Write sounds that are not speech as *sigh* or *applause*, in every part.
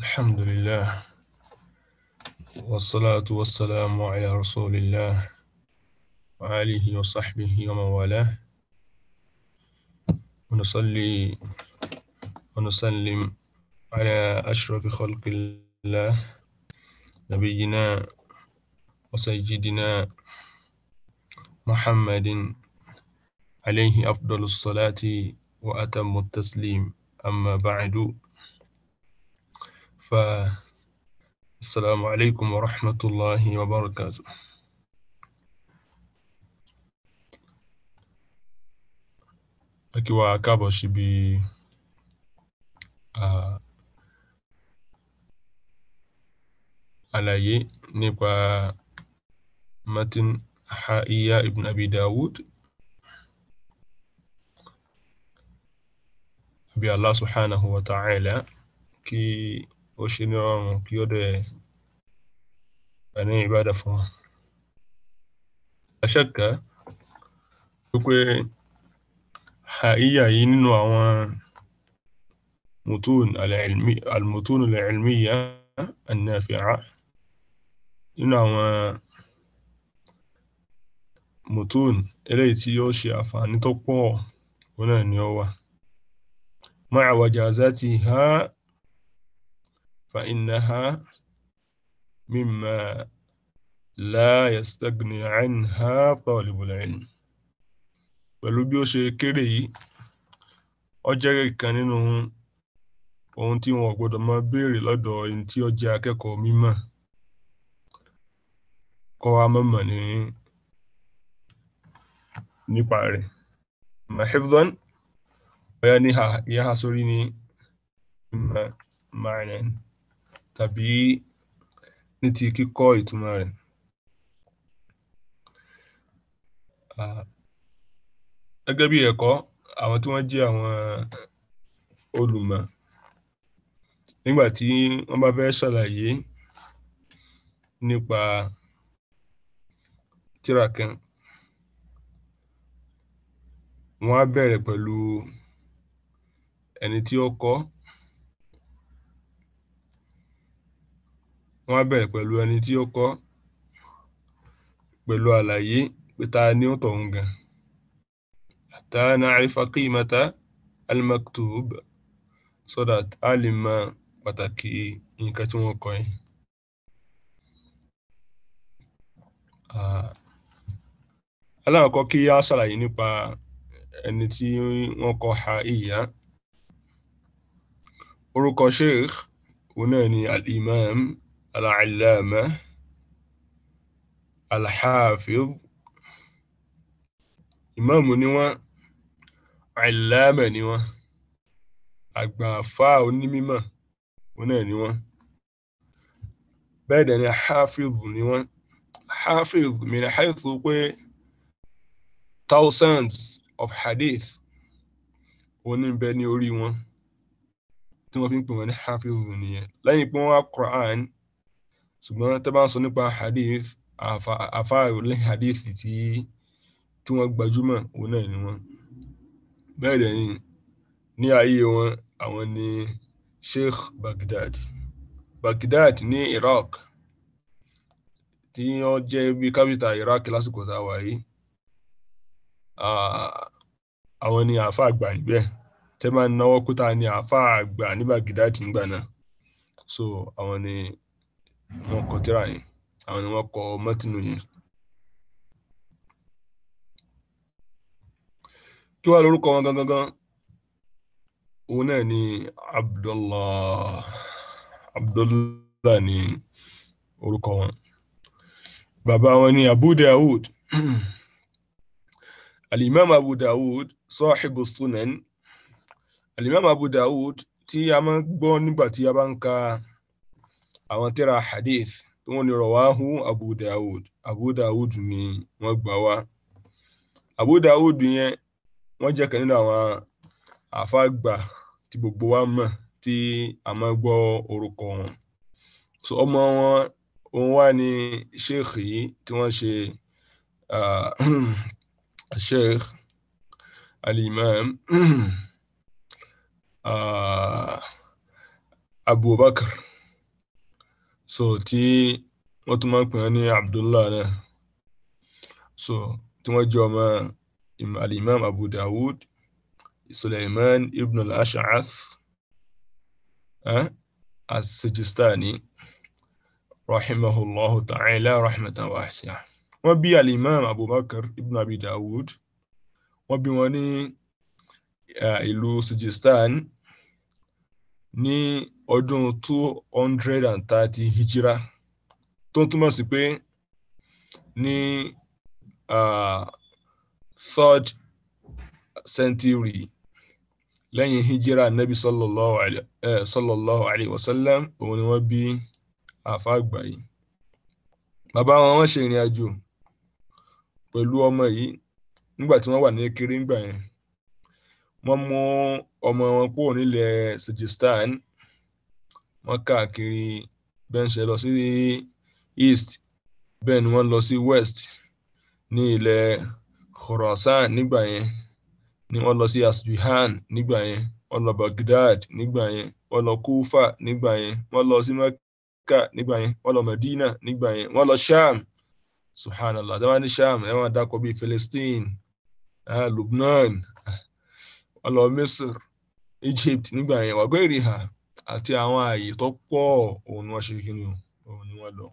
الحمد لله والصلاة والسلام على رسول الله وآله وصحبه ومن والاه ونصلي ونسلم على أشرف خلق الله نبينا وسيدنا محمد عليه أفضل الصلاة وأتم التسليم أما بعد ف السلام عليكم ورحمة الله وبركاته akiwa akabo shibi uh, àlàyé nípa matin ha'iya ibn abi dawud bí allah subhanahu wa ta'ala kí ó ṣe ní ọrùn kí ó dẹ̀ ní ìbádà fún wa. àṣàkà wípé àìyà yìí nínú àwọn mutun al-mutun al-ilmiya an nínú àwọn mutun eléyìí tí yóò ṣe àǹfààní tó pọ̀ òun náà ni ó wà. ma'a wajazatiha فإنها مما لا يستغني عنها طالب العلم pẹ̀lú bí ó ṣe kéré yìí ó jẹ́ ìkan nínú ohun tí wọn ò gbọ́dọ̀ máa béèrè lọ́dọ̀ ẹni tí ó jẹ́ akẹ́kọ̀ọ́ mímọ̀ kọ́ wa mọ̀mọ̀ ní nípa rẹ̀ mahifdhan bóyá ní ìhà sórí ní ma'anan. Ma tàbí ní ti kíkọ́ ìtumọ̀ rẹ̀. Gẹ́gẹ́ bí ẹ̀kọ́, àwọn tí wọ́n jẹ́ àwọn olùmọ̀ nígbà tí wọ́n bá fẹ́ ṣàlàyé nípa tírà wọ́n á bẹ̀rẹ̀ pẹ̀lú ẹni tí ó kọ wọ́n á bẹ̀rẹ̀ pẹ̀lú ẹni tí ó kọ́ pẹ̀lú àlàyé pé ta ni ó tọ̀hún gan hatta na'rifa qimata al-maktub so that a lè mọ pàtàkì nǹkan tí wọ́n kọ yẹn. Ah, alákọ̀ọ́kọ́ kí a ṣàlàyé nípa ẹni tí wọ́n kọ ha ìyá orúkọ sheikh òun náà ni al العلامة الحافظ ìmáàmù ni wọ́n àìlámẹ̀ ni wọ́n àgbà àfá onímímọ̀ wọn náà ni wọ́n bẹ́ẹ̀ dẹ̀ ni thousands of hadith wọn ní bẹ ní orí wọn tí wọ́n fi ń pè wọ́n ní hafiz nìyẹn lẹ́yìn pé wọ́n wá Quran ṣùgbọ́n tẹ́ bá ń sọ nípa hadith àfa lẹ́yìn hadith tí tí wọ́n gbajúmọ̀ òun náà ni wọ́n bẹ́ẹ̀ dẹ̀ ni ní ayé wọn àwọn ni Sheikh Baghdad Baghdad ní Iraq tí wọ́n jẹ́ bí kápítà Iraq lásìkò tá a wà yìí àwọn ni àáfà àgbà níbẹ̀ tẹ́ máa ń náwó kúta ni àáfà àgbà ní Baghdad nígbà náà so àwọn ni wọ́n kọ tírà yẹn àwọn ni wọ́n kọ mẹtìnú yẹn. kí wàá lórúkọ wọn gangan gan òun náà ni Abdullah Abdullah ni orúkọ wọn bàbá wọn ni Abu Dawud *clears throat* al-Imam Abu Dawud sahibu sunan al-Imam Abu Dawud tí a máa ń gbọ́ nígbà tí a bá ń ka àwọn tírà hadith tí wọ́n ní rawahu Abu daoud Abu daoud ni wọ́n gbà wá Abu daoud yẹn wọ́n jẹ́ kan nínú àwọn àfàgbà tí gbogbo wa mọ̀ tí a máa gbọ́ orúkọ wọn so ọmọ wọn òun wá ní sheikh yìí tí wọ́n ṣe ah, *clears throat* sheikh al *clears throat* ah, Abubakar so tí wọ́n tún máa ń pè wọ́n ní abdullah náà so tí wọ́n jẹ́ ọmọ alimam abu dawud suleiman ibn al-ash'ath eh, as-sijistani rahimahullahu ta'ala rahmatan wasi'a wọ́n bí alimam abubakar ibn abi dawud wọ́n bí wọn ní eh, ìlú sijistan ní ọdún 230 hundred and thirty hijira tó túmọ̀ sí pé ní third century lẹ́yìn hijira nabi sallallahu alayhi wa sallam òun ni wọ́n bí àfa àgbà yìí bàbá wọn wọ́n ṣe ìrìn àjò pẹ̀lú ọmọ yìí nígbà tí wọ́n wà ní kéré ńgbà yẹn wọ́n mú ọmọ wọn kúrò nílẹ̀ sejistan wọ́n káàkiri bẹ́ẹ̀ ń ṣe lọ sí east bẹ́ẹ̀ ni wọ́n lọ sí west ní ilẹ̀ Khorasan nígbà yẹn ni wọ́n lọ sí Asbihan nígbà yẹn wọ́n lọ Baghdad nígbà yẹn wọ́n lọ Kufa nígbà yẹn wọ́n lọ sí Mecca nígbà yẹn wọ́n lọ Medina nígbà yẹn wọ́n lọ Sham subhanallah dáwọn ní Sham ẹ máa dákọ bíi Palestine ah, Lubnan ah, wọ́n lọ Misr Egypt nígbà yẹn wàgbé ìrìhà àti àwọn ààyè tó pọ̀ òun ni wọ́n ṣe kí ni òun ni wọ́n lọ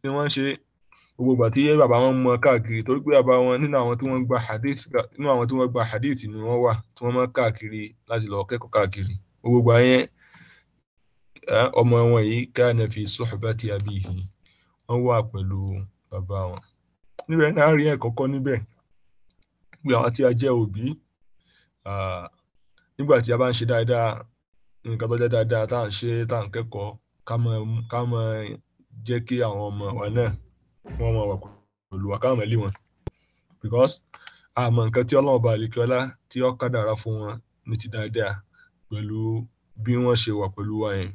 tí wọ́n ń ṣe gbogbo ìgbà tí bàbá wọn mọ káàkiri torí pé bàbá wọn nínú àwọn tí wọ́n gba hadith ni wọ́n wà tí wọ́n mọ káàkiri láti lọ kẹ́kọ̀ọ́ káàkiri gbogbo ìgbà yẹn ọmọ wọn yìí kana fi suhbati abihi wọ́n wà pẹ̀lú bàbá wọn níbẹ̀ náà rí ẹ̀kọ́ kọ́ níbẹ̀ pé àwọn tí a jẹ́ òbí nígbà tí a bá ń ṣe dáadáa nǹkan tó jẹ́ dáadáa tá à ń ṣe tá à ń kẹ́kọ̀ọ́ ká mọ ká mọ jẹ́ kí àwọn ọmọ wa náà wọ́n mọ wà pẹ̀lú wa káwọn mẹ́lì wọn because àmọ́ nǹkan tí ọlọ́run bá àlekíọ́lá tí ó kádàrá fún wọn ní ti dáadáa pẹ̀lú bí wọ́n ṣe wà pẹ̀lú wa yẹn.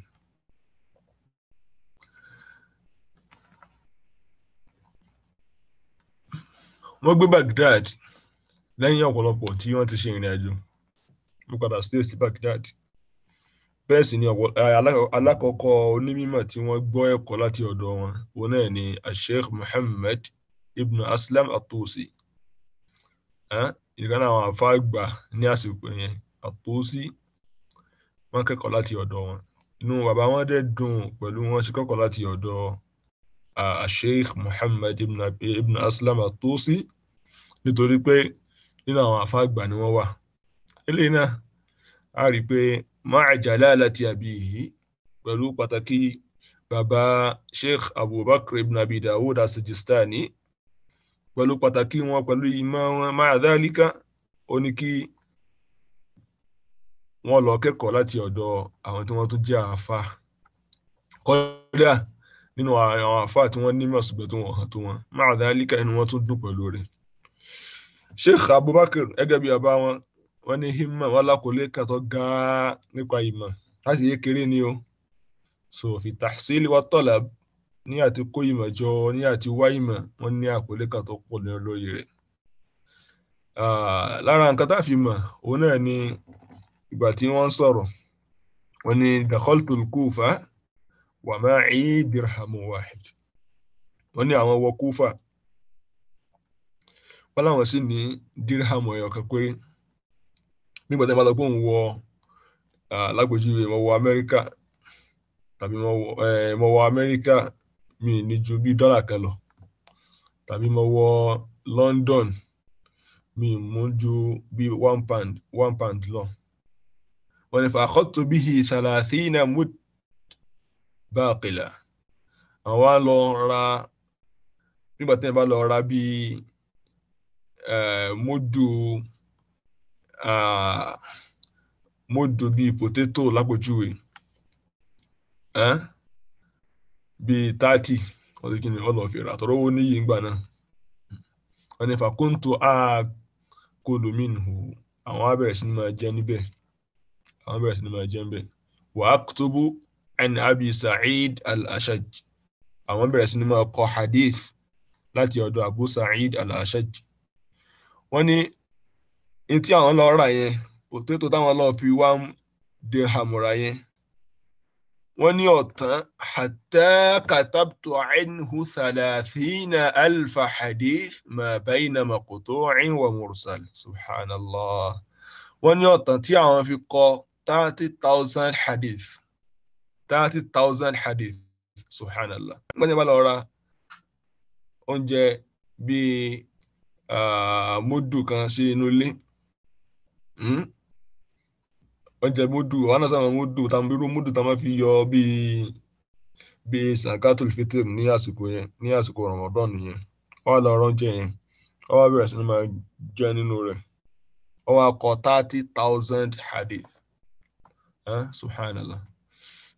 wọ́n gbé Baghdad lẹ́yìn ọ̀pọ̀lọpọ̀ tí wọ́n ti ṣe ìrìn àjò mo padà sí Baghdad bẹ́ẹ̀ sì ni eh, alákọ̀ọ́kọ́ onímọ̀ tí wọ́n gbọ́ ẹ̀kọ́ láti ọ̀dọ̀ wọn wọn náà ni asheikh muhammad ibn aslam atusi eh, ìkan àwọn àfáàgbà ní àsìkò yẹn atusi wọ́n kẹ́kọ̀ọ́ láti ọ̀dọ̀ wọn inú bàbá wọn dẹ̀ dùn pẹ̀lú wọn ṣe kẹ́kọ̀ọ́ láti ọ̀dọ̀ asheikh ah, muhammad ibn aslam atusi nítorí pé nínú àwọn àfáàgbà ni wọ́n wà eléyìí náà a rí i pé ma'a jalalati abihi pẹ̀lú pàtàkì bàbá sheikh abubakar ibn abi dawud asijistani pẹ̀lú pàtàkì wọn pẹ̀lú ìmọ̀ wọn ma'a dhalika ó ní kí wọ́n lọ kẹ́kọ̀ọ́ láti ọ̀dọ̀ àwọn tí wọ́n tún jẹ́ àáfà kọ́dà nínú àwọn àáfà tí wọ́n ní mọ̀sùgbẹ́ tó wọ̀n hàn tó wọn ma'a dhalika inú wọn tún dùn pẹ̀lú rẹ̀ sheikh abubakar gẹ́gẹ́ bí bàbá wọn wọ́n ní himma wọ́n lákòólé kẹtọ́ gan-an nípa ìmọ̀ láti yé kéré ni o so fi tahsili wa talab ní àti kó ìmọ̀ jọ ní àti wá ìmọ̀ wọ́n ní àkòólé kẹtọ́ pọ̀ ní olóyè rẹ̀ lára nǹkan tá a fi mọ̀ òun náà ni ìgbà tí wọ́n ń sọ̀rọ̀ wọ́n ní dakhaltu al-Kufa wa ma'i dirhamu wahid wọ́n ní àwọn wọ Kufa wọ́n láwọn sì ní dirhamu ẹ̀yọ̀kan péré nígbà tí a bá lọ pé òun wọ lágbèjúwe mo wọ amẹ́ríkà tàbí mo wọ amẹ́ríkà mi ní ju bí dọ́là kan lọ tàbí mo wọ London mi mú ju bí one pound one pound lọ wọ́n ní fàákọ́tò bí i sàlàsínà mud báàkìlà àwọn á lọ ra nígbà tí a bá lọ ra bí módù. Uh, Ah, mo dùn bíi potato lápòjúwe bíi thirty ọdún kìíní ọlọ́ọ̀fẹ́ rà tọ́rọ́ owó níyì ńgbà náà wọ́n ní fàkóńtò àkọlùmínú àwọn á bẹ̀rẹ̀ sí ni máa jẹ níbẹ̀ àwọn bẹ̀rẹ̀ sí ni máa jẹ níbẹ̀ wàá tóbú ẹni abi sa'id al-ashaj àwọn bẹ̀rẹ̀ sí ni máa kọ hadith láti ọ̀dọ̀ abu sa'id al-ashaj wọ́n ní ní tí àwọn lọ rà yẹn potato táwọn lọ fi wá dirham rà yẹn wọ́n ní ọ̀tán hatta katabtu anhu thalathina alfa hadith ma bayna maqtu'in wa mursal subhanallah wọ́n ní ọ̀tán tí àwọn fi kọ thirty hadith thirty hadith subhanallah wọ́n ní wọ́n oúnjẹ bíi ah, múdù kan sí inú ilé. wọ́n hmm? jẹ múdù wọ́n náà sábà múdù tàbí fi yọ bíi bíi zakatul fitr ní àsìkò yẹn ní àsìkò ramadan yẹn yẹn sí ni máa jẹ nínú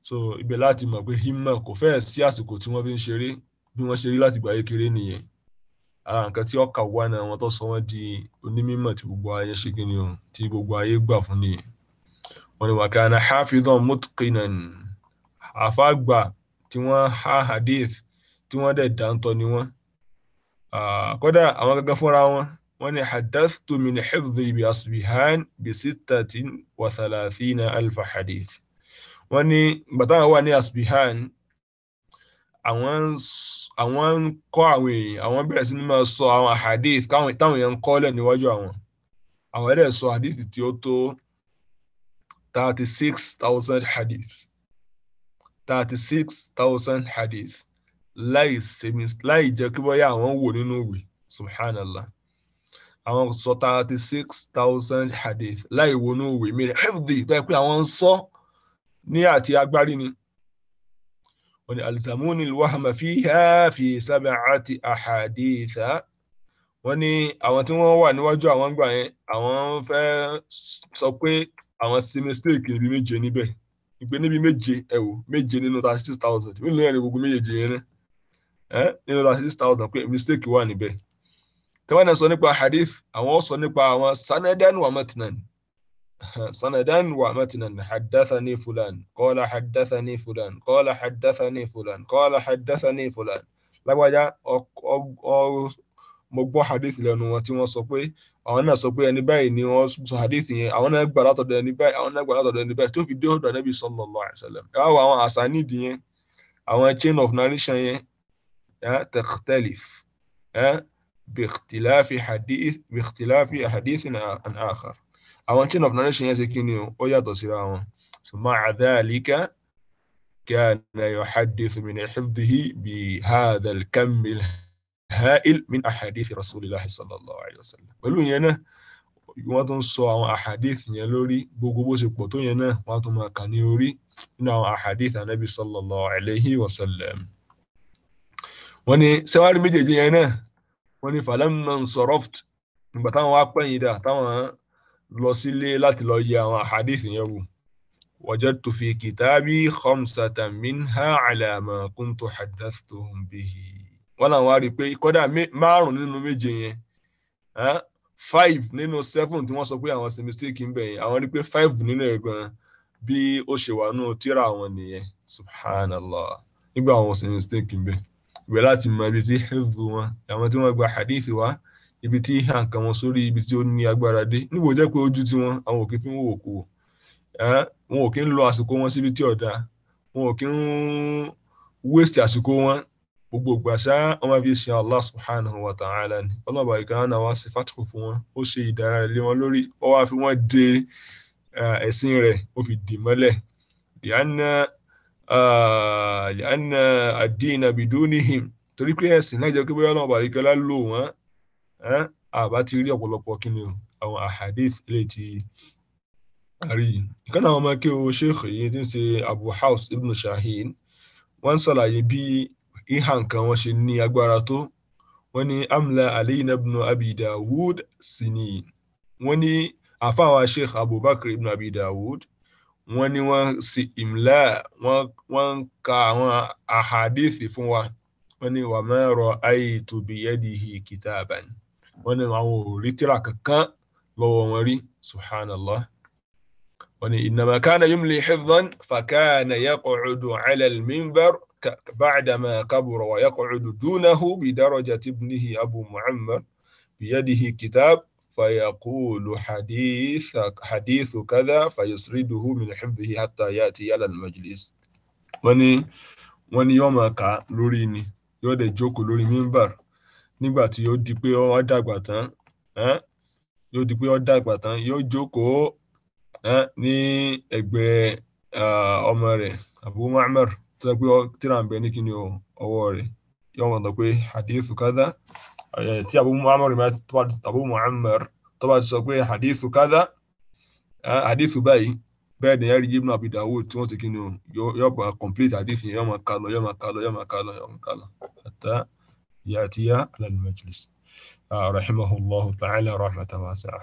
so láti pé himma kò fẹ́ẹ̀ sí àsìkò tí wọ́n fi ń ṣeré bí wọ́n ara nǹkan tí ọkà wà náà wọn tó sọ wọn di onímọ̀ tí gbogbo ayé ṣe kí ni o tí gbogbo ayé gbà fún ni wọn ni wàkà na hafidhan mutqinan àfàgbà tí wọn ha hadith tí wọn dẹ̀ dáńtọ́ ni wọn kódà àwọn gẹ́gẹ́ fúnra wọn wọn ni hadathtu min hifdhi bi asbihan bi sittatin wa thalathina alfa hadith wọn ni bàtà wà ní asbihan àwọn àwọn ń kọ́ àwọn èèyàn àwọn bẹ̀rẹ̀ sí ni máa sọ àwọn hadith táwọn èèyàn ń kọ́ lẹ̀ níwájú àwọn àwọn ẹ̀rẹ̀ sọ hadith tí ó tó thirty six thousand hadith thirty six thousand hadith láì sèmi láì jẹ́ kí bọ́yá àwọn wò nínú ìwé subhanallah àwọn sọ thirty six thousand hadith láì wò nínú ìwé mi rẹ̀ hefdi tó yẹ pé àwọn ń sọ ní àti agbárí ni wọ́n ní alzamuni alwahma fiha fi sab'ati ahaditha wọ́n ní àwọn tí wọ́n wà níwájú àwọn gbà yẹn àwọn fẹ́ sọ pé àwọn sí mistake níbi méje níbẹ̀ ìgbé níbi méje ẹ̀wò méje nínú thirty six thousand ó ní ẹni gbogbo méje yẹn ní nínú thirty six thousand pé mistake wà níbẹ̀ tí náà sọ nípa hadith àwọn sọ nípa àwọn sanadan wa سندا *laughs* ومتنا حدثني فلان قال حدثني فلان قال حدثني فلان قال حدثني فلان لا mo gbọ́ hadith lẹ́nu wọn tí wọ́n sọ pé àwọn náà sọ pé ẹni báyìí ni wọ́n sọ hadith yẹn àwọn náà gbà látọ̀dọ̀ ẹni báyìí àwọn náà gbà látọ̀dọ̀ ẹni báyìí tó fi dé ọ̀dọ̀ Ànábì sallallahu alaihi wasallam ẹ wá wo àwọn yẹn àwọn chain of narration yẹn takhtalif bikhtilafi hadith bikhtilafi hadith an akhar àwọn chain of narration yẹn ṣe kí ni ó yàtọ̀ síra wọn so ma'a dhalika kana yuhaddithu min hifdhihi bi hadha al-kam al-ha'il min ahadith rasulillah sallallahu alayhi wa sallam pẹ̀lú yẹn náà wọ́n tún sọ àwọn ahadith yẹn lórí gbogbo bó ṣe pọ̀ tó yẹn náà wọ́n tún máa kà ní orí nínú àwọn ahadith anabi sallallahu alayhi wa wọ́n ní sẹ́wárí méjèèjì yẹn náà wọ́n ní falamma nsaraft nígbà táwọn wá pẹ́yìn dà táwọn lọ sílé láti lọ yẹ àwọn àhádìsì yẹn wò wajadtu fi kitabi khamsatan minha ala ma kuntu haddathtuhum bihi wọn náà wá rí i pé kọ́dà márùn nínú méje yẹn five nínú seven tí wọ́n sọ pé àwọn ṣe ń bẹ̀ yẹn àwọn rí i pé five nínú ẹ̀ bí ó ṣe wà nù tíra àwọn nìyẹn subhanallah nígbà àwọn ṣe ń bẹ̀ ìbẹ̀ láti mọ ibi tí hifdhu wọn àwọn tí wọ́n gba hadith wa ibi tí à ń kàn wọn sórí ibi tí ó ní agbára dé níbo jẹ́ pé ojú tiwọn àwọn òkè fi ń wò òkú wọn ò kí ń lo àsìkò wọn síbi tí ọ̀dà wọn ò kí ń waste àsìkò wọn gbogbo ìgbà ṣá wọn máa fi ṣe Allah subhanahu wa ta'ala ni ọlọ́ọ̀bà ìkànnà wa ṣe fàtìkù fún wọn ó ṣe ìdára ilé wọn lórí ó wá fi wọn de ẹ̀sìn rẹ̀ ó fi dì mọ́lẹ̀ yànnà yànnà àdínà bìdúnìhìn torí pé ẹ̀sìn náà jẹ́ pé bóyá ọlọ́ọ̀bà ìkànnà lò wọ́n àbá ti rí ọ̀pọ̀lọpọ̀ kí ni àwọn ahadith ilé ti àrí ìkan àwọn ọmọ kí o sheikh yìí ti ń ṣe abu haus ibn shahin wọ́n ń ṣàlàyé bí ìhà nǹkan wọn ṣe ní agbára tó wọ́n ní amla aliyina ibn abi dawud sinin wọ́n ní àfáwà sheikh abubakar ibn abi dawud wọ́n ní wọ́n sì imla wọ́n ka àwọn ahadith fún wa wọ́n ní wàmẹ́rọ ayé tóbi yẹ́dìhì kìtàbàn wọ́n ní àwọn ò rí tíra kankan lọ́wọ́ wọn rí subhanallah wọ́n ní innama kana yumli hifdhan fakana yaq'udu 'ala al-minbar ba'dama kabura wa yaq'udu dunahu bi darajati ibnihi abu mu'ammar biyadihi kitab فيقول حديث حديث كذا فيسرده من حبه حتى ياتي الى المجلس ní wọ́n ní yóò máa lórí ni yóò dẹ̀ jókòó lórí mímbàr nígbà tí ó di pé ó dàgbà tán yóò di pé ó dàgbà tán yóò jókòó ní ẹ̀gbẹ́ ọmọ rẹ̀ Abu Ma'mar tó sọ pé tíra ń bẹ ní kíni ọwọ́ rẹ̀ yóò mọ̀ pé hadithu kada tí Abu Ma'mar Abu Ma'mar tó bá ti sọ pé hadithu kada hadithu báyìí bẹ́ẹ̀ ni ẹ̀rí Ibn Abi Dawud tí wọ́n ti kíni yóò bá complete hadithu yẹn yóò máa kà lọ yóò máa kà lọ yóò máa kà lọ yóò máa kà lọ. يأتي على المجلس رحمه الله تعالى رحمة واسعة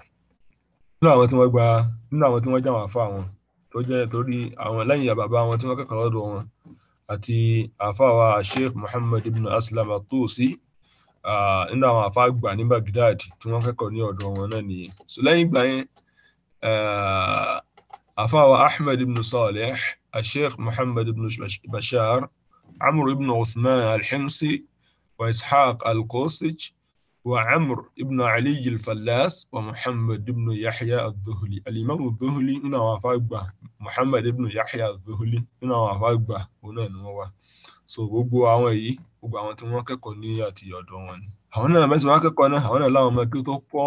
nínú àwọn tí wọ́n gba nínú àwọn tí wọ́n jẹ́ àwọn àfa wọn tó jẹ́ torí àwọn lẹ́yìn bàbá wọn tí wọ́n kẹ́kọ̀ọ́ lọ́dọ̀ wọn àti àfa wa sheikh muhammad ibn aslam atusi nínú àwọn àfa àgbà ní baghdad tí wọ́n kẹ́kọ̀ọ́ ní ọ̀dọ̀ wọn náà nìyẹn so lẹ́yìn ìgbà yẹn àfa wa ahmed ibn saleh sheikh muhammad ibn bashar amr ibn uthman alhimsi وإسحاق القوسج وعمر ابن علي الفلاس ومحمد ابن يحيى الذهلي الإمام الذهلي هنا وفاقبه محمد ابن يحيى الذهلي هنا وفاقبه هنا نواه so gbogbo àwọn yìí gbogbo àwọn tí wọ́n kẹ́kọ̀ọ́ ní àti ọ̀dọ̀ wọn ni àwọn náà mẹ́sàn-án wọ́n kẹ́kọ̀ọ́ náà àwọn náà láwọn ọmọ kí ó tó pọ̀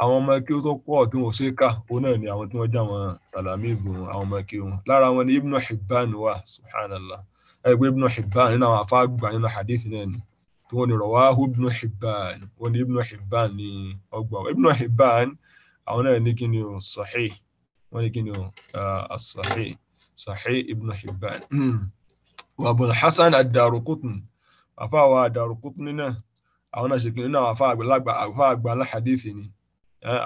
àwọn ọmọ kí ó tó pọ̀ tí wọ́n ṣe kà òun náà ni àwọn tí wọ́n jẹ́ àwọn tàlámì ìbùn àwọn ọmọ kí wọn lára wọn ni Ibn Hibban wà subhanallah ẹgbẹ ibnu hibban nínú àwọn afáàgbà nínú hadith náà ni tí wọn ni rawahu ibnu hibban wọn ni ibnu hibban ni ọgbà ibnu hibban àwọn náà ní kíni o sahih wọn ní kíni o uh, as-sahih sahih ibnu hibban hmm. wa ibn hasan ad-darqutni afáwa ad-darqutni náà àwọn náà ṣe kíni náà afáàgbà afáàgbà ńlá hadith ni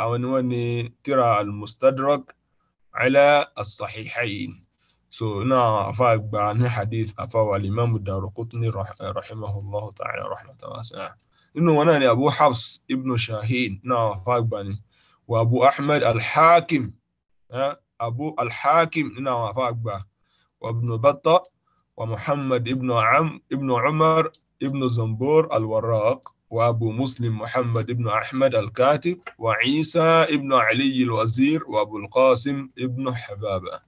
àwọn ni wọn ni tírà al-mustadrak ala as So now afa gba ní hadith afa wa limamu rahimahu rahimahullahu ta'ala rahmatan wasi'a. inu wọn ni Abu Hafs ibn Shahin na afa gba ni wa Abu Ahmad al-Hakim Abu al-Hakim nínú àwọn afa gba wa Ibn batta wa Muhammad ibn Am ibn Umar ibn Zambur al-Warraq وأبو مسلم محمد isa أحمد الكاتب وعيسى ابن علي الوزير وأبو القاسم ابن حبابة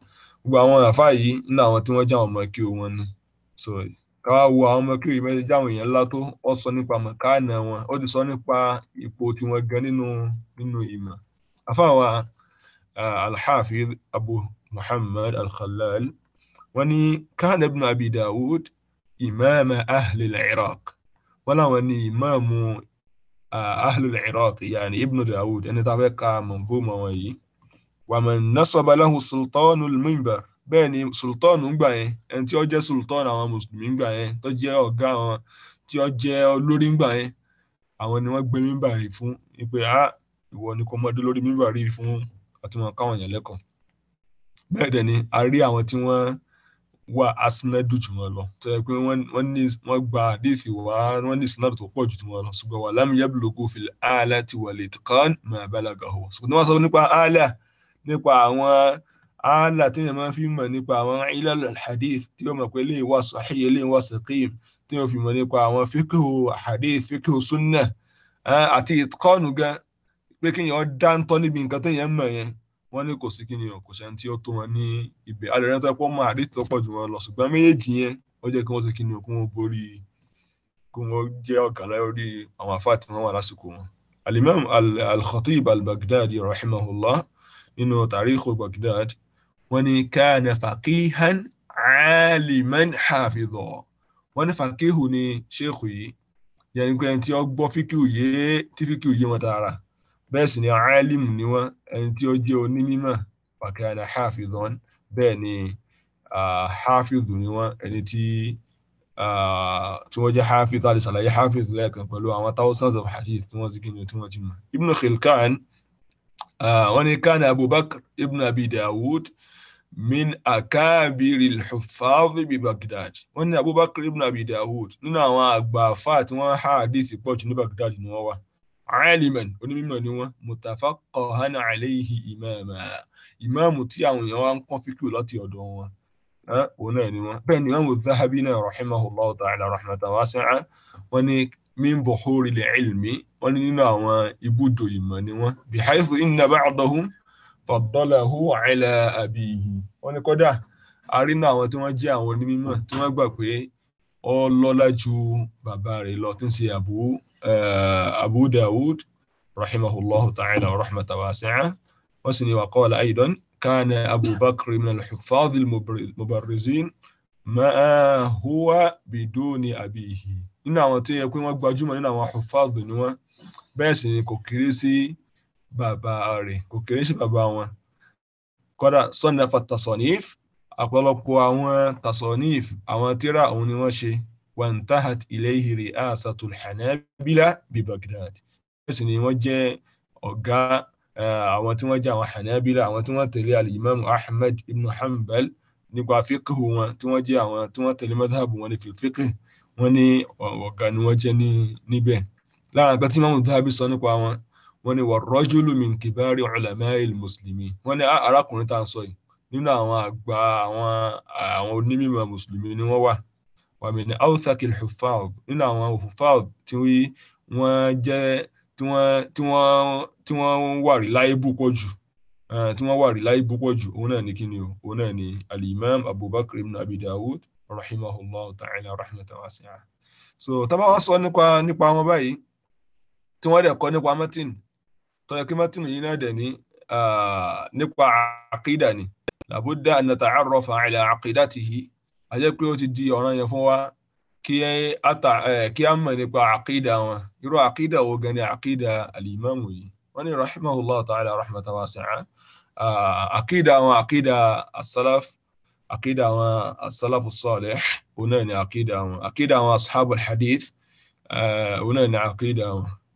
gbogbo àwọn àfa yìí nínú àwọn tí wọ́n jẹ́ àwọn ọmọ kí o wọn ni so káwá wo àwọn ọmọ kí o mẹ́rin jáwọn èèyàn ńlá tó ọ sọ nípa mọ̀káànà wọn ó ti sọ nípa ipò tiwọn gan nínú nínú ìmọ̀ àfa wa alhafiz abu muhammad alkhalal wọ́n ní káànà ibn abi dawud imama ahli iraq wọ́n làwọn ní imamu ahli iraq yaani ibn dawud ẹni tá a fẹ́ ka mọ̀nfó mọ̀ wọ̀nyí wàmọ̀n nasaba lahu sultanu minbar bẹ́ẹ̀ ni sultanu gbà yẹn ẹni tí ó jẹ́ sultanu àwọn mùsùlùmí gbà yẹn tó jẹ́ ọ̀gá àwọn tí ó jẹ́ olórí gbà yẹn àwọn ni wọ́n gbé mímbà rí fún pé a ìwọ ni kò mọdé lórí mímbà rí fún àtúmọ̀ káwọn èèyàn lẹ́kọ̀ọ́ bẹ́ẹ̀ dẹ̀ ni a rí àwọn tí wọ́n wà asinadu jù wọn lọ tó yẹ pé wọ́n ní wọ́n gba àdéhìí wá wọ́n ní sinadu tó pọ̀ jù wọn lọ ṣùgbọ́n wà lámìyẹ́ bulogo fìlẹ̀ ti wà lè kàn máa bá alága hù ṣùgbọ́n wọ́n sọ nípa ààlà nípa àwọn ààlà tí yẹn máa fi mọ̀ nípa àwọn ilal hadith tí ó mọ̀ pé lè wà sahih lè wà saqim tí ó fi mọ̀ nípa àwọn fíkìhù hadith fíkìhù súnà àti ìtkọ́nù gan pé kí yẹn dáńtọ́ níbi nǹkan tó yẹn mọ̀ yẹn wọ́n ní kò sí kí ni kò sẹ́ni tí ó tó wọn ní ibẹ̀ alẹ́rẹ́ tó pọ́ mọ́ hadith tó pọ̀ jù wọn lọ ṣùgbọ́n méjèèjì yẹn ó jẹ́ kí wọ́n ṣe kí ni òkun borí kí wọ́n jẹ́ ọ̀gá lórí àwọn àfáà tí wà lásìkò wọn. al al-khatib al-baghdadi rahimahullah nínú tàríkù baghdad wọ́n ní kana faqihan aliman hafidha wọ́n ní faqihu ni sheikhu yìí yẹn ni pé ẹni tí ó gbọ́ fíkìú yé tí fíkìú yé wọn tààrà bẹ́ẹ̀ sì ni alimu ni wọ́n ẹni tí ó jẹ́ onímọ̀ fakana hafidhan bẹ́ẹ̀ ni hafidhu ni wọ́n ẹni tí tí wọ́n jẹ́ hafidh alìsàlàyé hafidh lẹ́ẹ̀kan pẹ̀lú àwọn thousands of hadith tí wọ́n ti kí ni tí wọ́n ti mọ̀ ibn khilkan Ah, wọ́n ní kánà abubakar ibn abi dawud min akabiri al-huffaz bi baghdad wọ́n ní abubakar ibn abi dawud nínú àwọn àgbà àfà tí wọ́n há àdìsí pọ̀ jù ní baghdad ni wọ́n wà aliman onímọ̀ ni wọ́n mutafaqahan alayhi imama ìmáàmù tí àwọn èèyàn wa ń kọ́ fíkú láti ọ̀dọ̀ wọn ah, òun náà ni wọ́n bẹ́ẹ̀ ni wọ́n mú zahabi náà rahimahullahu ta'ala rahmatan wasi'a wọ́n ní min buhuri li ilmi wọ́n ní nínú àwọn ibùdó ìmọ̀ ni wọ́n bihaythu inna ba'dahum faddalahu ala abihi wọ́n ní kódà a rí náà àwọn tí wọ́n jẹ́ àwọn onímọ̀ tí wọ́n gbà pé ó lọ́lá ju bàbá rẹ̀ lọ tó ń ṣe eh, Abu Dawud rahimahullahu ta'ala wa rahmatan wasi'a wọ́n sì ní wa qala aydan kana Abu Bakr min al-huffaz al-mubarrizin máa hùwà biduni abihi nínú àwọn tó yẹ pé wọ́n gbajúmọ̀ nínú àwọn huffaz ni wọ́n bẹ́ẹ̀ sì ni kò kéré sí bàbá rẹ̀ kò kéré sí bàbá wọn kódà sọ́nàfà tasọ̀níf ọ̀pọ̀lọpọ̀ àwọn tasọ̀níf àwọn tíra òun ni wọ́n ṣe wantahat ilayhi ri'asatul hanabila bi Baghdad bẹ́ẹ̀ sì ni wọ́n jẹ́ ọ̀gá àwọn tí wọ́n jẹ́ àwọn hanabila àwọn tí wọ́n tẹ̀lé al-imam ibn Hanbal nípa fíkìhù wọn tí wọ́n jẹ́ àwọn tí wọ́n tẹ̀lé madhhabu wọn ní fil fiqh wọ́n ọ̀gá ni wọ́n jẹ́ níbẹ̀ lára nǹkan tí mọ́mú Dhahabi sọ nípa wọn wọ́n ní wà rọ́júlù min kibari ulama'il muslimin wọ́n ní ah, arákùnrin tá à ń sọ yìí nínú àwọn àgbà àwọn àwọn onímọ̀ mùsùlùmí ni wọ́n wà wà mí ní awthaqil huffaz nínú àwọn huffaz tí wọ́n jẹ́ tí wọ́n tí wọ́n tí reliable pọ̀ jù eh, tí wọ́n wà reliable pọ̀ jù òun náà ni kí ni o òun náà ni al abubakar ibn abi dawud rahimahullah ta'ala rahmatan wasi'a so tábà wá sọ nípa nípa wọn báyìí tí wọ́n dẹ̀ kọ́ nípa mẹ́tìn tó yẹ kí mẹ́tìn yìí náà dẹ̀ ní nípa àkídà ni làbúdà an nata'arrafa ala aqidatihi a jẹ́ pé ó ti di ọ̀ràn yẹn fún wa kí a mọ̀ nípa àkídà wọn irú àkídà wo gan ni àkídà alìmọ́mù yìí wọ́n ní rahimahullah ta'ala rahmatan wasi'a àkídà wọn àkídà as àkídà wọn as-salafu salih ni àkídà wọn àkídà wọn ashabul hadith òun ni àkídà wọn.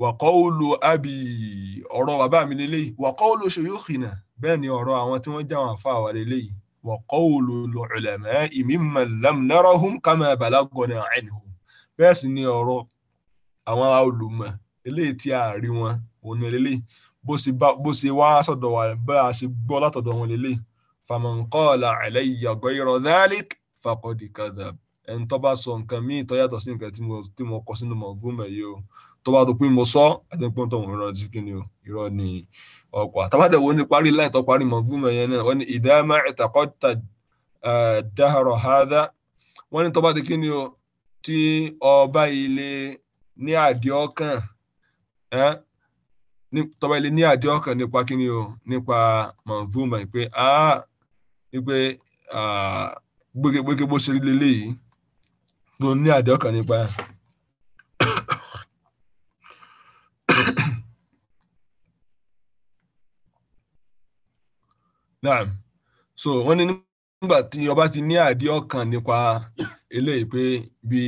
wàkọ́ọ̀lù àbí ọ̀rọ̀ bàbá mi lélẹ́yìí wàkọ́ọ̀lù ṣèyókìnà bẹ́ẹ̀ ni ọ̀rọ̀ àwọn tí wọ́n jáwọn àfa wa lélẹ́yìí wàkọ́ọ̀lù lọ́ọ̀lẹ̀mẹ́ mimman lam narahum kama balagona anhum bẹ́ẹ̀ sì ni ọ̀rọ̀ àwọn olùmọ̀ eléyìí tí a rí wọn òun ni lélẹ́yìí bó ṣe wá sọ̀dọ̀ wa bá a ṣe gbọ́ látọ̀dọ̀ wọn lélẹ́yìí faman qala alayya tó bá tó pín mo sọ àdéhùn tó ń rántí kí ni o irọ́ ni ọkọ̀ àtàwádẹ̀ wo ni parí láì tó parí mọ̀fúnmọ̀ yẹn náà wọ́n ní ìdáàmà ìtàkọ́tà dáhàrọ̀ hádá wọ́n ní tó bá ti kí ni o tí ọba ilé ní àdìọ́kàn tó bá ilé ní àdìọ́kàn nípa kí ni o nípa mọ̀fúnmọ̀ pé a wípé gbégbé bó ṣe rí lélẹ́yìí tó ní àdìọ́kàn nípa naam so wọ́n ní nígbà tí ọba ti ní àdí ọkàn nípa eléyìí pé bí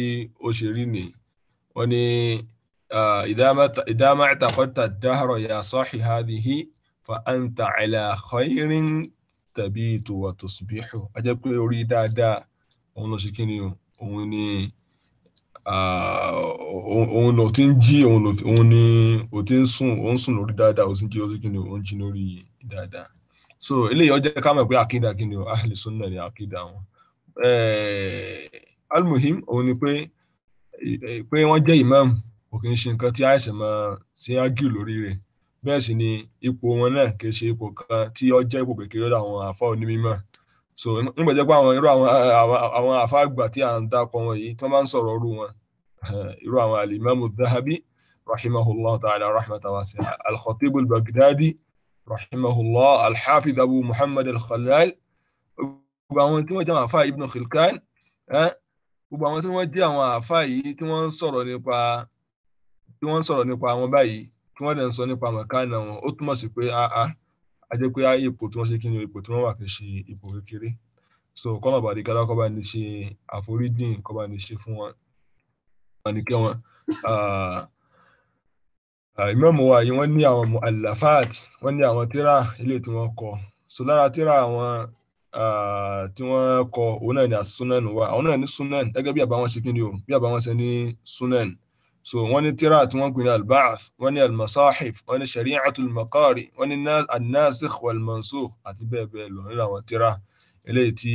ó ṣe rí ni wọ́n ní ìdámà ìtàkọ́tà dáhàrọ̀ yà sọ́ọ̀hì hádìhí fa anta ala khairin tabitu wa tusbihu a jẹ́ pé orí dáadáa òun ló ṣe kí ni òun ni òun ló ti ń jí òun ni ó ti ń sùn òun sùn lórí dáadáa ó sì ń jí ó sì kí ni òun jí lórí dáadáa so eléyìí ó jẹ́ ká mọ̀ pé akida kini o ahli sunna ni akida wọn eh, almuhim òun ni pé eh, pé wọ́n jẹ́ imam kò kí ń ṣe nǹkan tí àìsàn máa ṣe ágì lórí rẹ̀ bẹ́ẹ̀ sì ni ipò wọn náà kì í ṣe ipò kan tí ó jẹ́ ipò kékeré lọ́dọ̀ àwọn àfa onímọ̀ so nígbà jẹ́ pé àwọn irú àwọn àfa àgbà tí à ń dákọ wọn yìí tí wọ́n bá ń sọ̀rọ̀ ọrú wọn eh, irú àwọn alimamu dhahabi rahimahullah ta'ala rahmatan wasi'a baghdadi رحمه الله الحافظ أبو محمد الخلال وبعوان تنوى جمع فا ابن خلقان وبعوان تنوى جمع فا يتنوى صروا نقا tí wọ́n ń sọ̀rọ̀ nípa àwọn báyìí tí wọ́n dẹ̀ ń sọ nípa mọ̀kánà wọn ó túmọ̀ sí pé àá ajẹ́ pé ipò tí wọ́n ṣe kíni ipò tí wọ́n wà kì í ṣe ipò kékeré so kọ́nà bàdí kálá kọ́ bá ní ṣe àforíjìn kọ́ bá ní ṣe fún wọn wọn ní kẹ́ wọn Ah, imam wa yìí wọ́n ní àwọn mu'allafat wọ́n ní àwọn tíra ilé tí wọ́n kọ so lára tíra àwọn ah, tí wọ́n kọ òun náà ní asunan wa àwọn náà ní sunan gẹ́gẹ́ bí àbáwọn ṣe kíni o bí àbáwọn ṣe ní sunan so wọ́n ní tíra tí wọ́n gbin albaath wọ́n ní almasahif wọ́n ní shari'atul maqari wọ́n ní annasikh wal mansukh àti bẹ́ẹ̀ bẹ́ẹ̀ lọ nínú àwọn tíra eléyìí tí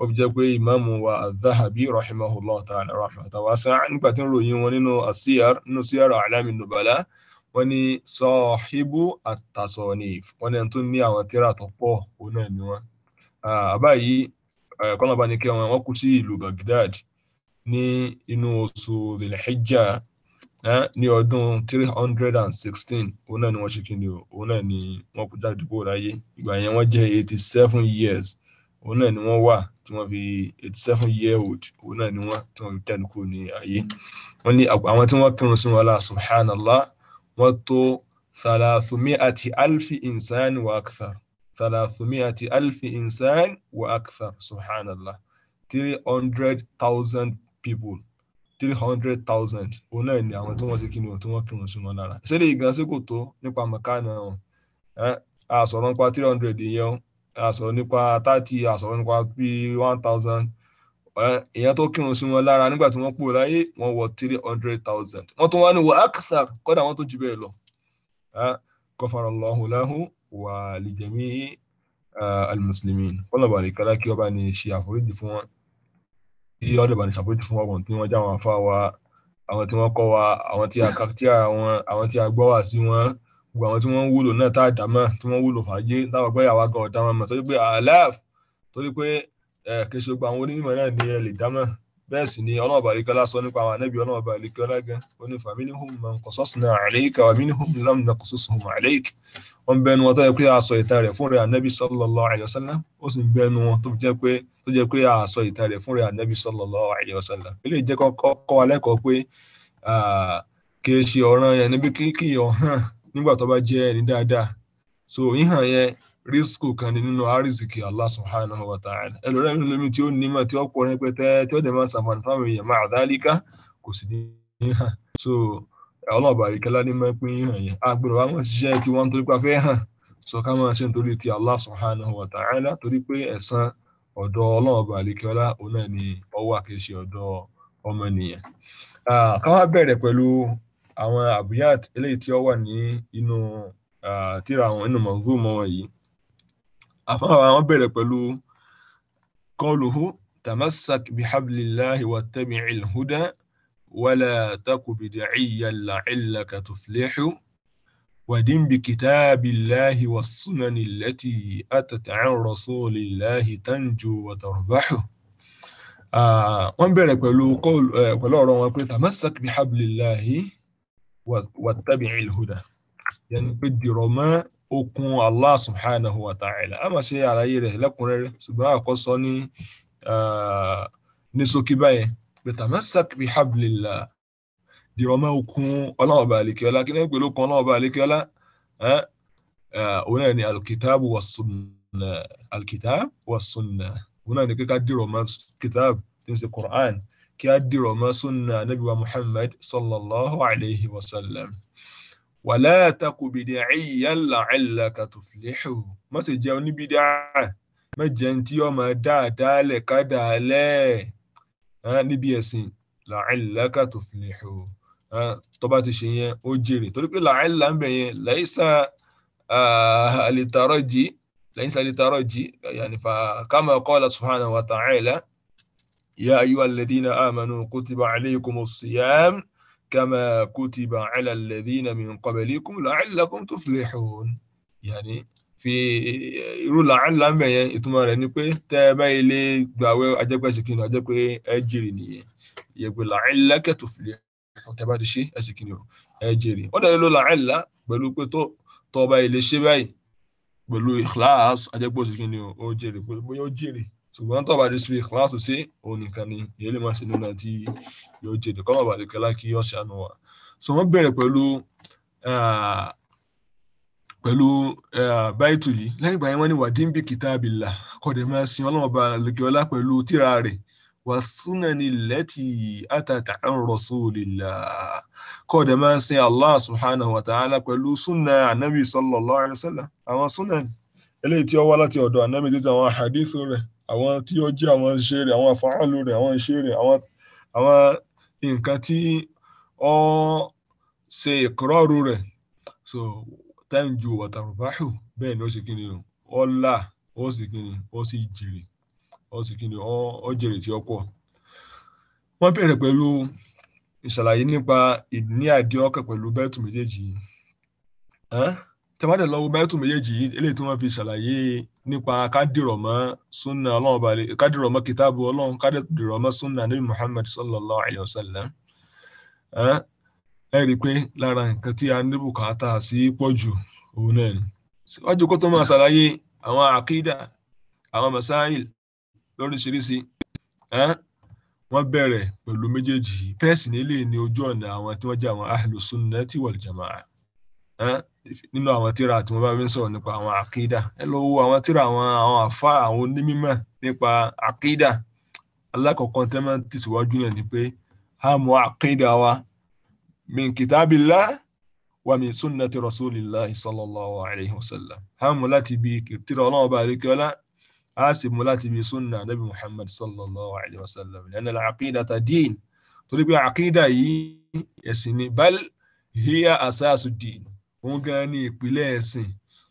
ó fi jẹ́ pé ìmáàmù wa al-Dhahabi rahimahullah ta'ala rahmatan wasi'a nígbà tí ń ròyìn wọn nínú asiyar nínú siyar a'lamin nubala wọ́n ní sọ́ọ̀híbù àtàsọ̀nìf wọ́n ní ẹni tó ní àwọn tíra tó pọ̀ òun náà ni wọ́n. àbá yìí kọ́nàbá ní kí wọn wọ́n kú sí ìlú Baghdad ní inú oṣù Dhul-Hijjah ní ọdún three hundred and sixteen òun náà ni wọ́n ṣe kíni o òun náà ni wọ́n kú jáde kúrò láyé ìgbà yẹn wọ́n jẹ́ eighty seven years òun náà ni wọ́n wà tí wọ́n fi eighty seven year old òun náà ni wọ́n tí wọ́n fi tẹ̀lé kúrò ní ayé wọ́n ní àwọn tí wọ́n kírun sí wọn lá subhanallah wọ́n tó thalathumiyati alfi insan wa akthar thalathumiyati alfi insan wa akthar subhanallah three people three hundred ni àwọn tí wọ́n ti kí ni tí wọ́n kírun sí wọn lára ṣé lè sí kò tó nípa mọ̀kánà wọn a nípa three hundred yẹn nípa thirty a nípa bíi one èèyàn tó kírun sí wọn lára nígbà tí wọ́n kúrò láyé wọ́n wọ three hundred thousand wọ́n tún wá ní wọ aksa kọ́dà wọ́n tó jù bẹ́ẹ̀ lọ ghafarallahu lahu wa li jami'i al-muslimin kọ́nà bàrí kálá kí ọba ní ṣe àforíjì fún wọn kí ọdẹ bàrí ṣàforíjì fún ọkùnrin tí wọ́n já wọn afá wa àwọn tí wọ́n kọ́ wa àwọn tí a kàtíà wọn àwọn tí a gbọ́ wà sí wọn gbogbo àwọn tí wọ́n ń wúlò náà tá àdámọ́ tí wọ́n wúlò fàájé táwọn gbọ́ yàwá gan ọ̀dá wọn mọ̀ torí pé àlàáf torí pé kìí ṣe gbogbo àwọn onímọ̀ náà ni ẹ lè dámọ̀ bẹ́ẹ̀ sì ni ọlọ́run ọba àríkọ́lá sọ nípa àwọn anábì ọlọ́run ọba àríkọ́lá gan ó ní fa minhum man qasasna alayka wa minhum lam naqsushum alayka wọ́n bẹnu wọn tó jẹ́ pé a sọ ìtàn rẹ̀ fún rẹ̀ anábì sallallahu alayhi wa sallam ó sì bẹnu wọn tó jẹ́ pé tó jẹ́ pé a sọ ìtàn rẹ̀ fún rẹ̀ anábì sallallahu alayhi so yíhàn rísíkù kan ní nínú àrísìkì Allah subhanahu wa ta'ala ẹlòmíràn nínú mi tí ó nímọ̀ tí ó pọ̀ rẹpẹtẹ tí ó dẹ̀ máa so ọlọ́ọ̀bà àríkẹ́lá ní máa pín hàn yẹn agbèrò wa máa ṣiṣẹ́ kí wọ́n torí pa so ka ma se ti Allah subhanahu wa ta'ala torí pé ni àfáàrà wọn bẹ̀rẹ̀ pẹ̀lú kọlùhù tamasak bihablillahi wattabi'il huda wala taku bid'iyyan la'allaka tuflihu wadin bikitabillahi wassunani allati atat 'an rasulillahi tanju wa tarbahu wọ́n bẹ̀rẹ̀ pẹ̀lú ọ̀rọ̀ wọn pé tamasak bihablillahi wattabi'il huda yẹn pé dìrọ̀ mọ́ okun allah subhanahu wa ta'ala a máa ṣe àlàyé rẹ̀ lẹ́kùnrẹ́rẹ́ ṣùgbọ́n àkọ́sọ ní ní ṣókí báyẹn pé tamassak bi hablillah dìrọ̀mọ́ okun ọlọ́run ọba àlekíọ́lá kí ní pẹ̀lú okun ọlọ́run ọba àlekíọ́lá òun náà ni alkitabu wa sunna alkitab wa sunna òun náà ni kíkà dìrọ̀mọ́ kitab tí ń ṣe kí á dìrọ̀mọ́ sunna nabi wa muhammad sallallahu alayhi wa sallam wàlá takò bìdì àìyá làálà kàtòfìlẹ́hù má ṣe jẹ́ oníbìdà má jẹ́ ní tí ọmọ dáadáa lẹ̀ ká dáalẹ̀ níbi ẹ̀sìn làálà kàtòfìlẹ́hù tó bá ti ṣe yẹn ó jèrè torí pé làálà ń bẹ̀ yẹn làyísà àlìtàrọ̀jì làyísà àlìtàrọ̀jì yànífà kama qala subhanahu wa ta'ala ya ayyuha alladhina amanu kutiba alaykumus siyam. كما كتب على الذين من قبلكم لعلكم تفلحون يعني fi irú làálà mẹ́yẹn ìtumọ̀ rẹ̀ ni pé tẹ́ ẹ bá ilé gbàwé ajẹ́pẹ́sìkìnì ajẹ́pẹ́ ẹ jèrè nìyẹn ìyẹ̀pẹ̀ làálà kẹ́tù fìlẹ̀ tẹ́ bá ti ṣe ẹ̀sìkìnì ẹ jèrè ó dàbí ló làálà pẹ̀lú pé tọ́ ọba ilé ṣe báyìí pẹ̀lú ìkìláàsì ajẹ́pẹ́sìkìnì ó jèrè bóyá ó jèrè ṣùgbọ́n tó bá dé sí ìkíláàsì sí òun nìkan ni èyí lè má ṣe nínú àti yóò jèrè kọ́mọ̀ bàdé kẹlá kí yóò ṣàánú wa so wọ́n bẹ̀rẹ̀ pẹ̀lú pẹ̀lú báyìtù yìí lẹ́yìn ìgbà wọ́n ní wàdíńbì kitabillah kọ́dẹ̀ máa sin ọlọ́run lẹ́kẹ́ọ́lá pẹ̀lú tíra rẹ̀ wà súnani lẹ́tì àtàtà an rasulillah kọ́dẹ̀ máa sin allah subhanahu wa ta'ala pẹ̀lú súnà anabi sallallahu alayhi wa sallam àwọn súnà eléyìí tí ó wá láti ọ̀dọ̀ anabi títí àwọn hadithu rẹ̀ àwọn tí ó jẹ́ àwọn iṣẹ́ rẹ̀ àwọn àfáàlù rẹ̀ àwọn iṣẹ́ rẹ̀ àwọn àwọn nǹkan tí ó ṣe ìkọrọ́rù rẹ̀ so tanju wàtàrùbáhù bẹ́ẹ̀ ni ó sì kíni ó là ó sì kíni ó sì jèrè ó sì kíni ó jèrè tí ó pọ̀ wọ́n bẹ̀rẹ̀ pẹ̀lú ìṣàlàyé nípa ìní àdéhọ́kẹ̀ pẹ̀lú bẹ́ẹ̀tù méjèèjì yìí tẹ̀wádẹ̀ lọ́wọ́ bẹ́ẹ̀tù méjèèjì eléyìí tí wọ́n fi ṣàlàyé nípa kádìrọ̀ mọ́ súnà ọlọ́run balẹ̀ kádìrọ̀ mọ́ kìtàbù ọlọ́run kádìrọ̀ mọ́ súnà nabi muhammad sallallahu alayhi wa sallam ẹ rí i pé lára nǹkan tí a ní bùkátà sí pọ̀ jù òun náà ni síwájú kó tó máa ṣàlàyé àwọn àkídà àwọn masáìl lóríṣiríṣi wọ́n bẹ̀rẹ̀ pẹ̀lú méjèèjì pẹ́ẹ́sì nílé ní ojú ọ̀nà àwọn tí wọ́n jẹ́ àwọn ahlus sunnati wal jama'a nínú àwọn tíra tí wọ́n bá fi ń sọ̀rọ̀ nípa àwọn àkídà ẹ lọ wo àwọn tíra àwọn àwọn àfa àwọn onímọ̀ nípa àkídà alákọ̀ọ́kọ́ tẹ́ máa ń tẹ̀síwájú náà ni pé a mọ àkídà wa min kitabillah wa min sunnati rasulillahi sallallahu alayhi wa sallam a mọ láti ibi tíra ọlọ́run bá rí kíọ́lá a sì mọ láti ibi sunna nabi muhammad sallallahu alayhi wa sallam lẹ́nu àkídà ta dín torí pé àkídà yìí ẹ̀sìn ni bal hiya asasu dín òun gan ni ìpìlẹ̀ ẹ̀sìn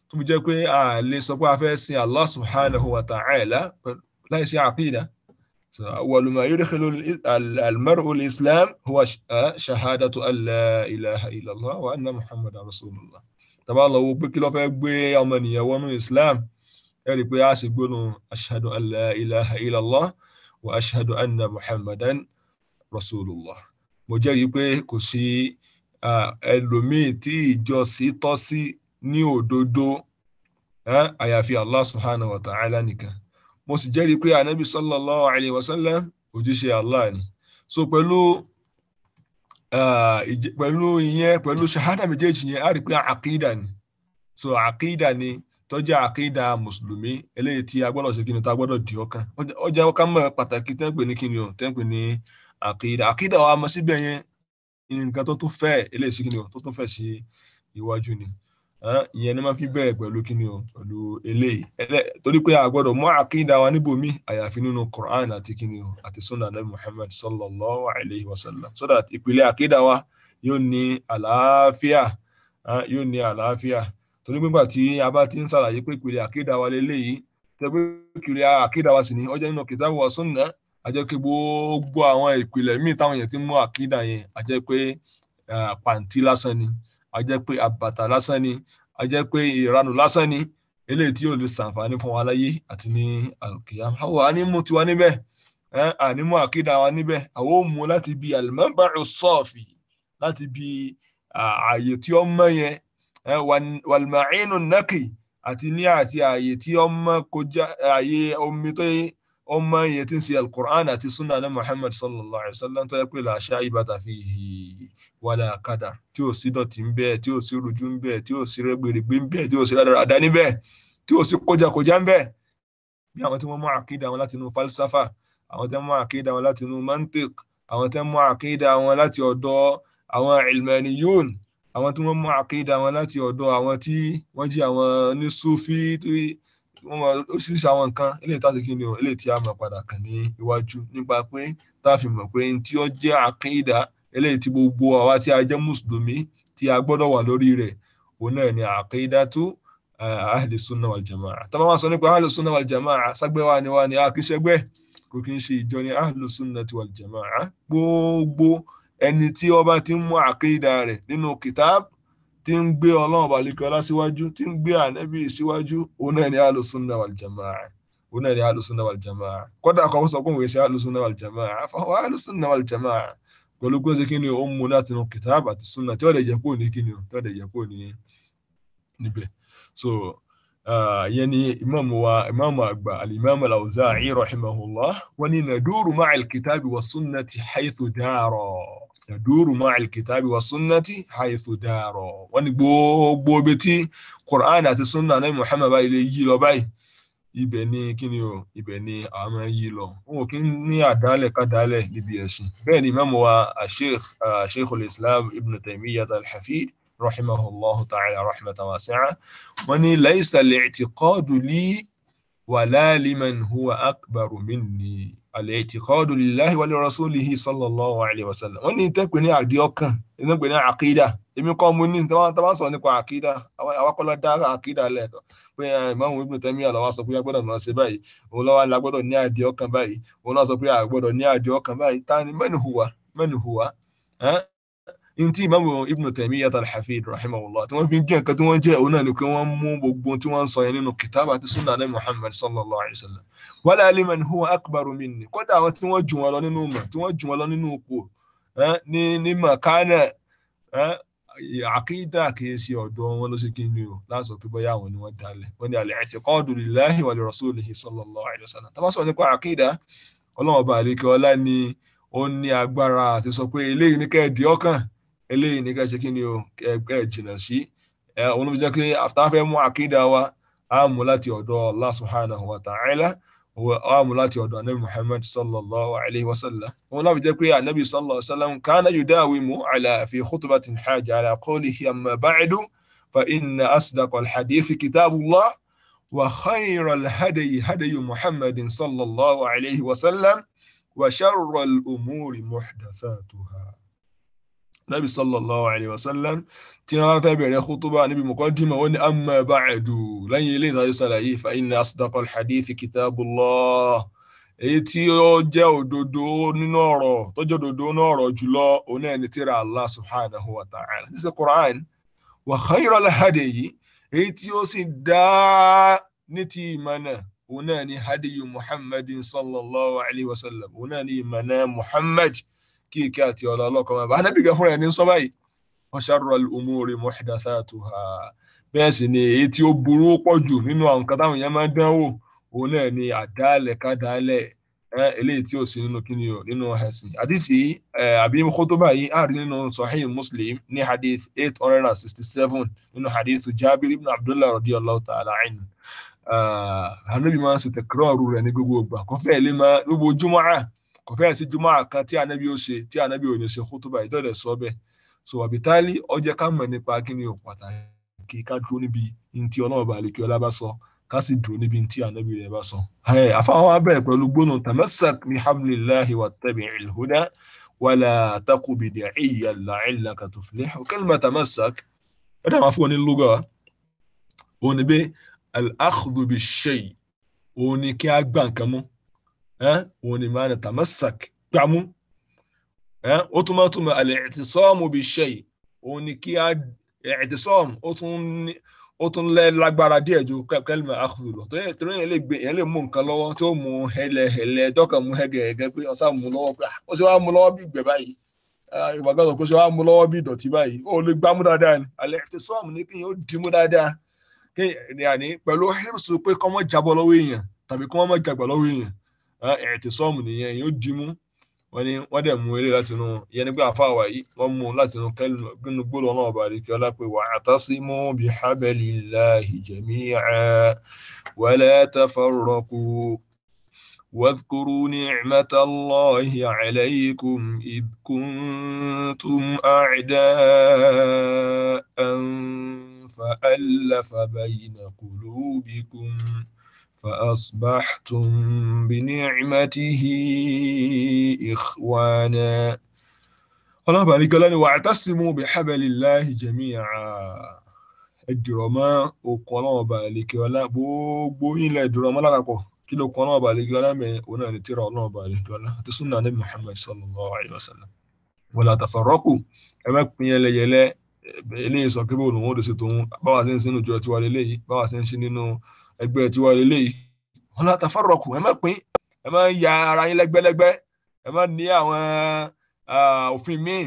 tó fi jẹ́ pé a lè sọ pé a fẹ́ sin Allah subhanahu wa ta'ala láì sí àpìdá awwalu ma yudkhilu al-mar'u al-islam huwa shahadatu an la ilaha illallah wa anna muhammadan rasulullah tàbá lọ wo pé kí ló fẹ́ gbé ọmọnìyàn wọnú islam ẹ̀rí pé a sì gbónú ashhadu an la wa ashhadu anna muhammadan rasulullah mo jẹ́rìí pé kò sí ẹlòmíì tí ìjọsìn tọ́ sí ní òdodo àyàfi Allah subhanahu wa ta'ala nìkan mo sì jẹ́rìí pé anabi sallallahu alayhi wa sallam òjíṣẹ́ Allah ni so pẹ̀lú pẹ̀lú ìyẹn pẹ̀lú shahada méjèèjì yẹn a rí pé àkídà ni so àkídà ni tó jẹ́ àkídà mùsùlùmí eléyìí tí a gbọ́dọ̀ ṣe kí ni tá a gbọ́dọ̀ di ọkàn ó jẹ́ ọkàn mọ́ pàtàkì tẹ́ǹpẹ̀ ní kí ni o tẹ́ǹpẹ̀ ní àkídà àkídà wa mọ̀ síbẹ̀ yẹn nǹkan tó tún fẹ́ eléyìí sí kí ni o tó tún fẹ́ sí iwájú ni ìyẹn ni wọ́n fi bẹ̀rẹ̀ pẹ̀lú kí ni o pẹ̀lú eléyìí torí pé a gbọ́dọ̀ mú àkídà wa níbòmí àyàfi nínú Qur'an àti kí ni o àti sunna nabi Muhammad sallallahu alayhi wa sallam so that ìpìlẹ̀ àkídà wa yóò ní àlàáfíà yóò ní àlàáfíà torí pé nígbà tí a bá ti ń ṣàlàyé pé ìpìlẹ̀ àkídà wa lélẹ́yìí tẹ́ pé ìpìlẹ̀ wa sì ní ó jẹ́ nínú kìtàbù wa sunna a jẹ́ pé gbogbo àwọn ìpìlẹ̀ míì táwọn èèyàn ti mú àkídà yẹn a jẹ́ pé pàǹtí lásán ni a jẹ́ pé àbàtà lásán ni a jẹ́ pé ìranù lásán ni eléyìí tí yóò lè ṣàǹfààní fún wa láyé àti ní àlùkìyàm àwọn ànímú tiwa níbẹ̀ ànímú àkídà wa níbẹ̀ àwọn ò mú láti bi àlùmọ́bàrún sọ́ọ̀fì láti bi ààyè tí ó mọ́ yẹn wàlùmọ́ínù nákì àti ní àti ààyè tí ó mọ́ kọjá ààyè omi tó yẹ ọmọ yẹn ti ń ṣe alukur'an àti sunna ní muhammad sallallahu alayhi wa sallam tó yẹ pé làṣà ìbàdà fi hì wàlà àkàdà tí ò sí dọ̀tí ń bẹ́ẹ̀ tí ò sí rújú ń bẹ́ẹ̀ tí ò sí rẹ́gbẹ̀rẹ̀gbẹ̀ ń bẹ́ẹ̀ tí ò sí rádaràdá ní bẹ́ẹ̀ tí ò sí kójàkójà ń bẹ́ẹ̀ bí àwọn tí wọ́n mú àkídà wọn láti inú falsafa àwọn tí wọ́n mú àkídà wọn láti inú mantiq àwọn tí wọ́n mú àkídà wọn láti ọ̀dọ̀ àwọn ilmaniyun àwọn tí wọ́n mú àkídà wọn láti ọ̀dọ̀ àwọn tí wọ́n jẹ́ àwọn ní sufi oríṣiríṣi àwọn nǹkan eléyìí tá a ti kí ni o eléyìí tí a máa padà kàn ní iwájú nípa pé tá a fi mọ̀ pé tí ó jẹ́ àkídà eléyìí tí gbogbo àwa tí a jẹ́ mùsùlùmí tí a gbọ́dọ̀ wà lórí rẹ̀ òun náà ni àkídà tó ahli sunna wal jamaa tá a bá wá sọ nípa ahli sunna wal jamaa ságbẹ́ wa ni wa ni a kì í ṣẹgbẹ́ kò kì í ṣe ìjọ ni ahli sunna wal jamaa gbogbo ẹni tí ó ti mú àkídà rẹ̀ nínú kìtáàbù tí ń gbé ọlọ́run ọbalikọ́lá síwájú tí ń gbé ànẹ́bí síwájú òun náà ni alùsùnà wàlìjàmáà òun náà ni alùsùnà wàlìjàmáà kódà kan sọ pé òun èsì alùsùnà wàlìjàmáà àfọwọ́ alùsùnà wàlìjàmáà pẹ̀lú pé ó ṣe kí ni ó ń láti nu kìtàbù àti súnà tí ó lè ní kí ni tí ó lè ní níbẹ̀ so ìyẹn ni ìmáàmù wa ìmáàmù àgbà alìmáàmù al-Awzaa'i rahimahullah wọ́n ní naduru ma'al kìtàbù wa sunnati haythu dara yaduru ma'al kitabi wa sunnati haythu daro wọ́n ní gbogbo ibi tí quran àti sunna náà muhammad báyìí lè yí lọ báyìí ibẹ̀ ni kí ni o ibẹ̀ ni àwọn máa yí lọ wọn ò kí ní àdálẹ̀ kádálẹ̀ níbi ẹ̀sìn bẹ́ẹ̀ ni imam wa sheikh sheikhul islam ibn taymiyyah al-hafid rahimahullahu ta'ala rahmatan wasi'a wọ́n ní laysa al-i'tiqadu li wala liman huwa akbaru al-i'tiqadu lillahi wa li rasulihi sallallahu alayhi wa sallam wọ́n ní tẹ́pẹ́ ní àdí ọkàn iná pè ní àkídà èmi kọ́ mo ní tọ́wọ́ sọ nípa àkídà awakọ́lọ́ dá àkídà lẹ́ẹ̀kan pé ah, Imam Ibn Taymiyyah lọ́wọ́ sọ pé a gbọ́dọ̀ máa ṣe báyìí òun lọ́wọ́ la gbọ́dọ̀ ní àdí ọkàn báyìí òun lọ́wọ́ sọ pé a gbọ́dọ̀ ní àdí ọkàn báyìí ta ni man huwa man ntí ìmáàmù Ibn Taymiyyah al-Hafid rahimahullah tí wọ́n fi jẹ́ nǹkan tí wọ́n jẹ́ òun náà ni pé wọ́n mú gbogbo tí wọ́n sọ yẹn nínú kìtàbà àti sunna ní Muhammad sallallahu alayhi wa sallam wala liman huwa akbaru minni kódà àwọn tí wọ́n jù wọn lọ nínú mọ̀ tí wọ́n jù wọn lọ nínú ipò eh, ní ní makana eh, àkídà kìí ṣe ọ̀dọ̀ wọn ló ṣe kí ni o láti sọ pé eléyìí ní kẹ́sẹ̀ kí ni o ẹ jìnnà sí ẹ òun ló fi jẹ́ pé àtàfẹ́ mú àkídà wa á mú láti ọ̀dọ̀ Allah subhanahu wa ta'ala á mú láti ọ̀dọ̀ anabi Muhammad sallallahu alayhi wa sallam òun láfi jẹ́ pé anabi sallallahu alayhi wa sallam kana yudawimu ala fi khutbatin haja ala qawlihi amma ba'du fa inna asdaqa alhadithi kitabullah wa khayra alhadayi hadayu Muhammadin sallallahu alayhi wa sallam wa sharra al'umuri muhdathatuha. نبي صلى الله عليه وسلم تنا يا خطبة نبي مقدمة وإن أما بعد لن يلد هذه فإن أصدق الحديث كتاب الله ايتي او جاو دودو نورو توجو دودو نورو جلو اوني نتير الله سبحانه وتعالى ديس القرآن وخير الهدي ايتي او سيدا نتي منا اوني هدي محمد صلى الله عليه وسلم اوني منا محمد kí ìkẹ́ àti ọ̀la ọlọ́kọ̀ máa bá anábì gan fúnra ẹni ń sọ báyìí wọ́n ṣàrọ̀ umuri muhdathatuha bẹ́ẹ̀ sì ni èyí tí ó burú pọ̀ jù nínú àwọn nǹkan táwọn èèyàn máa ń dánwò òun náà ni àdáálẹ̀ kádàálẹ̀ eléyìí tí ò sí nínú kíni o nínú ẹ̀sìn àdìsí àbí kótóbà yìí àárín nínú sahih muslim ní hadith eight hundred and sixty seven nínú hadith jabir ibn abdullah radiyallahu ta'ala anhu anabi máa ń ṣe tẹkọrọ rẹ ní gbogbo ìgbà kọfẹ ilé máa gbogbo jumu'ah kò fẹ́ẹ̀ sí jùmọ̀ kan tí anabi ó ṣe tí anabi ò ní ṣe kútúbà ìdọ́dẹ̀ sọ bẹ́ẹ̀ so àbítálí ó jẹ́ ká mọ̀ nípa kí ni ò pàtàkì ká dúró níbi ntí ọlọ́ọ̀bà àlekí ọlá bá sọ ká sì dúró níbi ntí anabi rẹ̀ bá sọ. àfàwọn abẹ́rẹ́ pẹ̀lú gbónú tamasak ní hamlillahi wa tabi ilhuda wàlà takò bìdì ìyà làìlà kàtúfilẹ̀ kalima tamasak ẹ̀dá máa fún wọn ní lóga òní bẹ́ẹ̀ al òun ni máa ń tamasak gbàmú ó tún máa túmọ̀ al-i'tisamu bi-shay òun ni kí á i'tisam ó tún lẹ́ lágbára díẹ̀ ju kẹ́lìmọ̀ akhdhu lọ tóyẹ tó yẹn lè gbé yẹn lè mú nǹkan lọ́wọ́ tí ó mú hẹlẹhẹlẹ dọ́kà mú hẹgẹhẹgẹ pé ọ̀sá mú lọ́wọ́ pé ah, ó sì wá mú lọ́wọ́ bí ìgbẹ́ báyìí ìwàgbọ́dọ̀ kó sì wá mú lọ́wọ́ bí ìdọ̀tí báyìí ó lè gbámú dáadáa ni al-i'tisam ni kí yẹn ó dìímú dáadáa kí yẹn pẹ̀lú hírùsù pé kọ́mọ́ jábọ́ lọ́wọ́ èèyàn tàbí kọ́mọ́ jágbà lọ́wọ́ èèyàn اعتصام ني يديمو وني ودم ويلي لاتنو يعني بقى فاوا اي ومو لاتنو كل نقول الله بارك ولا واعتصموا بحبل الله جميعا ولا تفرقوا واذكروا نعمة الله عليكم إذ كنتم أعداء فألف بين قلوبكم فأصبحتم بنعمته إخوانا ọlọ́run bàálí gọ́lá ni wa'tasimu bihablillahi jami'a ẹ̀dùrọ̀mọ́ okùn ọlọ́run bàálí kí ọlá gbogbo ilẹ̀ ẹ̀dùrọ̀mọ́ lápapọ̀ kí ló kún ọlọ́run bàálí kí ọlá mẹ́rin òun náà ni tíra ọlọ́run bàálí kí ọlá àti súnà ní Muhammad sallallahu alayhi wa sallam wala tafarraqu ẹ má pín yẹlẹyẹlẹ eléyìí sọ kébé òun òun ò ẹgbẹ́ tiwa lélẹ́yìí wọn láta fárọ̀kù ẹ má pín ẹ má ya ara yín lẹ́gbẹ́lẹ́gbẹ́ ẹ má ní àwọn òfin míì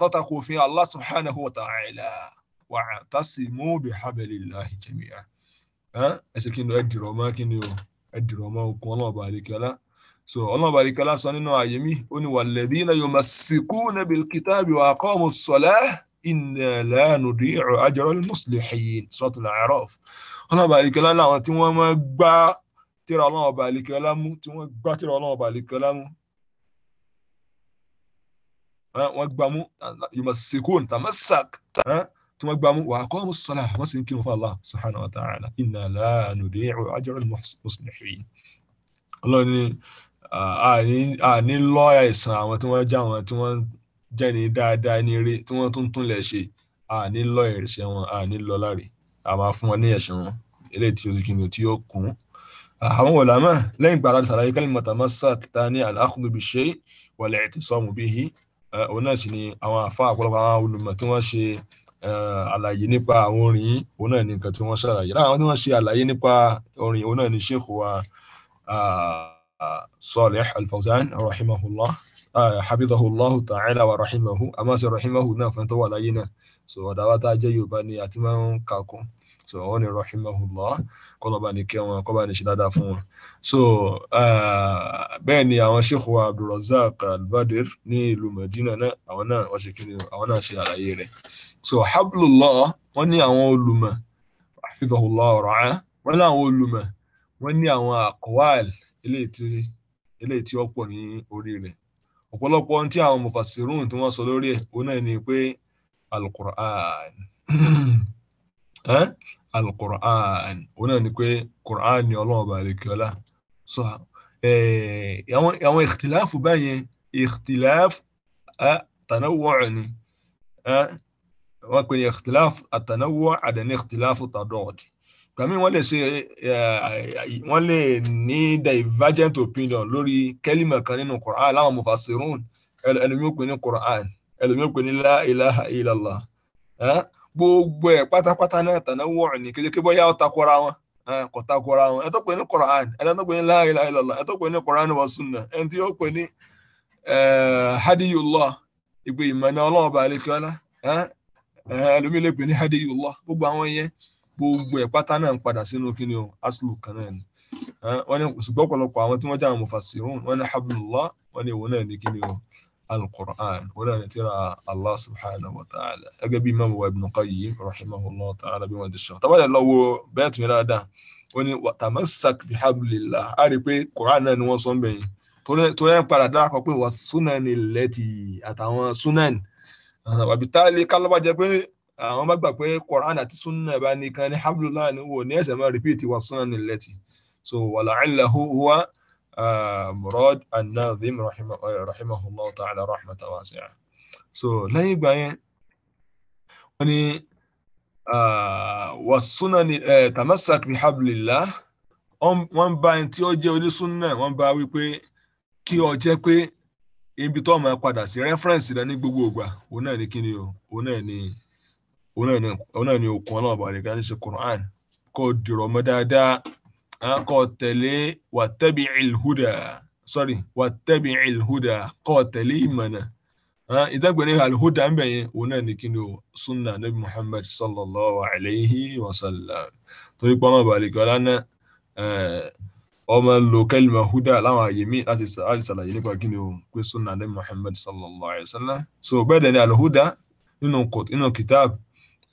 tọ́ta kò òfin Allah subhanahu wa ta'ala wa atasimu bihablillahi jami'a ẹ ṣe kí ni ẹ dìrọ̀ mọ́ kí ni o ẹ dìrọ̀ mọ́ okun ọlọ́ọ̀bà àríkẹ́lá so ọlọ́ọ̀bà àríkẹ́lá sọ nínú àyè ó ní walladhina yumassikuna bilkitabi wa aqamu ssalah. إنا لا نضيع أجر المصلحين سورة الأعراف هنا بالك لا لا وتم وما غبا ترى الله بالك لا تم غبا ترى الله بالك لا ها وغبا يوم السكون تمسك ها ثم غبا واقام الصلاه ما سنكم الله سبحانه وتعالى إنا لا نضيع أجر المصلحين الله ني آه،, آه،, آه ني آه ني لوي سان وتم جاون وتم jẹ́ ẹni dáadáa ẹni rí tí wọ́n tún túnlẹ̀ ṣe àní lọ ẹ̀ṣẹ̀ wọn àní lọ láre a máa fún wọn ní ẹ̀ṣẹ̀ wọn eléyìí tí ó ti kìnìún tí ó kún. àwọn ọ̀làmà lẹ́yìn ìgbà láti sàlàyé kalimata tamasak ta ní al-akhdhu bi-shay' wal-i'tisamu bihi eh, òun náà sì ni àwọn àfa àpọ̀lọpọ̀ àwọn olùmọ̀ tí wọ́n ṣe eh, àlàyé nípa àwọn orin yìí òun náà ni nǹkan tí wọ́n ṣàlàyé láwọn tí wọ́n ṣe àlàyé nípa orin òun náà ni sheikh wa ah, Salih al rahimahullah Ah, hafizahu allah ta'ala wa rahimahu àmọ́ sí rahimahu náà fẹ́ tó wà láyé náà so ọ̀dà wa tá a jẹ́ yorùbá ni àti máa ń kà kún so àwọn ni rahimahullah kọlọba ni kí wọn kọba ni ṣe dáadáa fún wọn so ah, bẹ́ẹ̀ ni àwọn sheikh wa abdulrazak albadir ní ìlú medina náà àwọn náà wọ́n ṣe kíni àwọn náà ṣe àlàyé rẹ̀ so hablullah wọ́n ní àwọn olùmọ̀ hafizahullah ra'ah wọ́n ní àwọn olùmọ̀ wọ́n ní àwọn aqwal eléyìí tí ó pọ̀ ní orí rẹ̀ ọ̀pọ̀lọpọ̀ ohun tí àwọn mufasirun tí wọ́n sọ lórí ẹ̀ òun náà ni pé alukur'an *clears throat* alukur'an òun náà ni pé kur'an ni ọlọ́run ọba àlekíọ́lá so àwọn ìkìtìláàfù báyẹn ìkìtìláàfù àtànáwọ̀ ni wọ́n pè ní ìkìtìláàfù àtànáwọ̀ àdàní ìkìtìláàfù tàdọ́ọ̀dì gbàmí wọ́n lè ṣe wọ́n lè ní divergent opinion lórí kẹ́límà kan nínú Quran láwọn mufasirun ẹlòmí ó pè ní Quran ẹlòmí ó pè ní la ilaha illallah gbogbo ẹ̀ pátápátá náà tàná wọ̀ọ̀ ní kékeré bóyá ó takora wọn kò takora wọn ẹ tó pè ní Quran ẹ tó pè ní la ilaha illallah ẹ tó pè ní Quran wa sunnah ẹ tí ó pè ní hadiyullah ìgbé ìmọ̀ náà ọlọ́ọ̀bà àlekọ́lá ẹlòmí lè pè ní hadiyullah gbogbo àwọn yẹn gbogbo ẹ̀ pátá náà ń padà sínú kíni o aslu kan náà ni wọ́n ní ṣùgbọ́n ọ̀pọ̀lọpọ̀ àwọn tí wọ́n jẹ́ àwọn mufassirun wọ́n ní hablullah wọ́n ní ìwọ̀n náà ní kíni o القرآن ولا ترى الله سبحانه وتعالى أجابي إمام ابن قيم رحمه الله تعالى بمد الشيخ طبعا لو بيت ميلادا وني وتمسك بحبل الله أريبي قرآن نوصن بين تولين باردا كوكو والسنن التي أتاوان سنن وبالتالي قال بجابي àwọn bá gbà pé Quran àti sunna bá nìkan ní hablullah ni wò ní ẹsẹ̀ máa repeat wa sunan allati so wala'allahu huwa murad an-nadhim rahimahullah ta'ala rahmatan wasi'a so lẹ́yìn ìgbà yẹn wọ́n ní wa sunan tamasak bi hablillah wọ́n bá ẹni tí ó jẹ́ onísúnnà wọ́n bá wípé kí ó jẹ́ pé ibi tó máa padà sí rẹ́fẹ́rẹ́nsì rẹ ní gbogbo ìgbà òun náà ní kíni o òun náà ní òun náà ni okun ọlọ́run ọba àdìgá ti ṣe Qur'an kó dìrọ̀ mọ́ dáadáa kó tẹ̀lé wattabi'il huda sorry wattabi'il huda kó tẹ̀lé ìmọ̀nà ìdágbẹ̀rẹ̀ alhuda ń bẹ̀yẹn òun náà ni kíni o sunna nabi Muhammad sallallahu alayhi wa sallam torí pé ọlọ́run ọba àdìgá lánàá ọmọ lo kẹlìmọ̀ huda láwọn àyè mí láti ṣàlàyé nípa kíni o pé sunna nabi Muhammad sallallahu alayhi wa sallam so bẹ́ẹ̀ dẹ̀ ni alhuda nínú kitab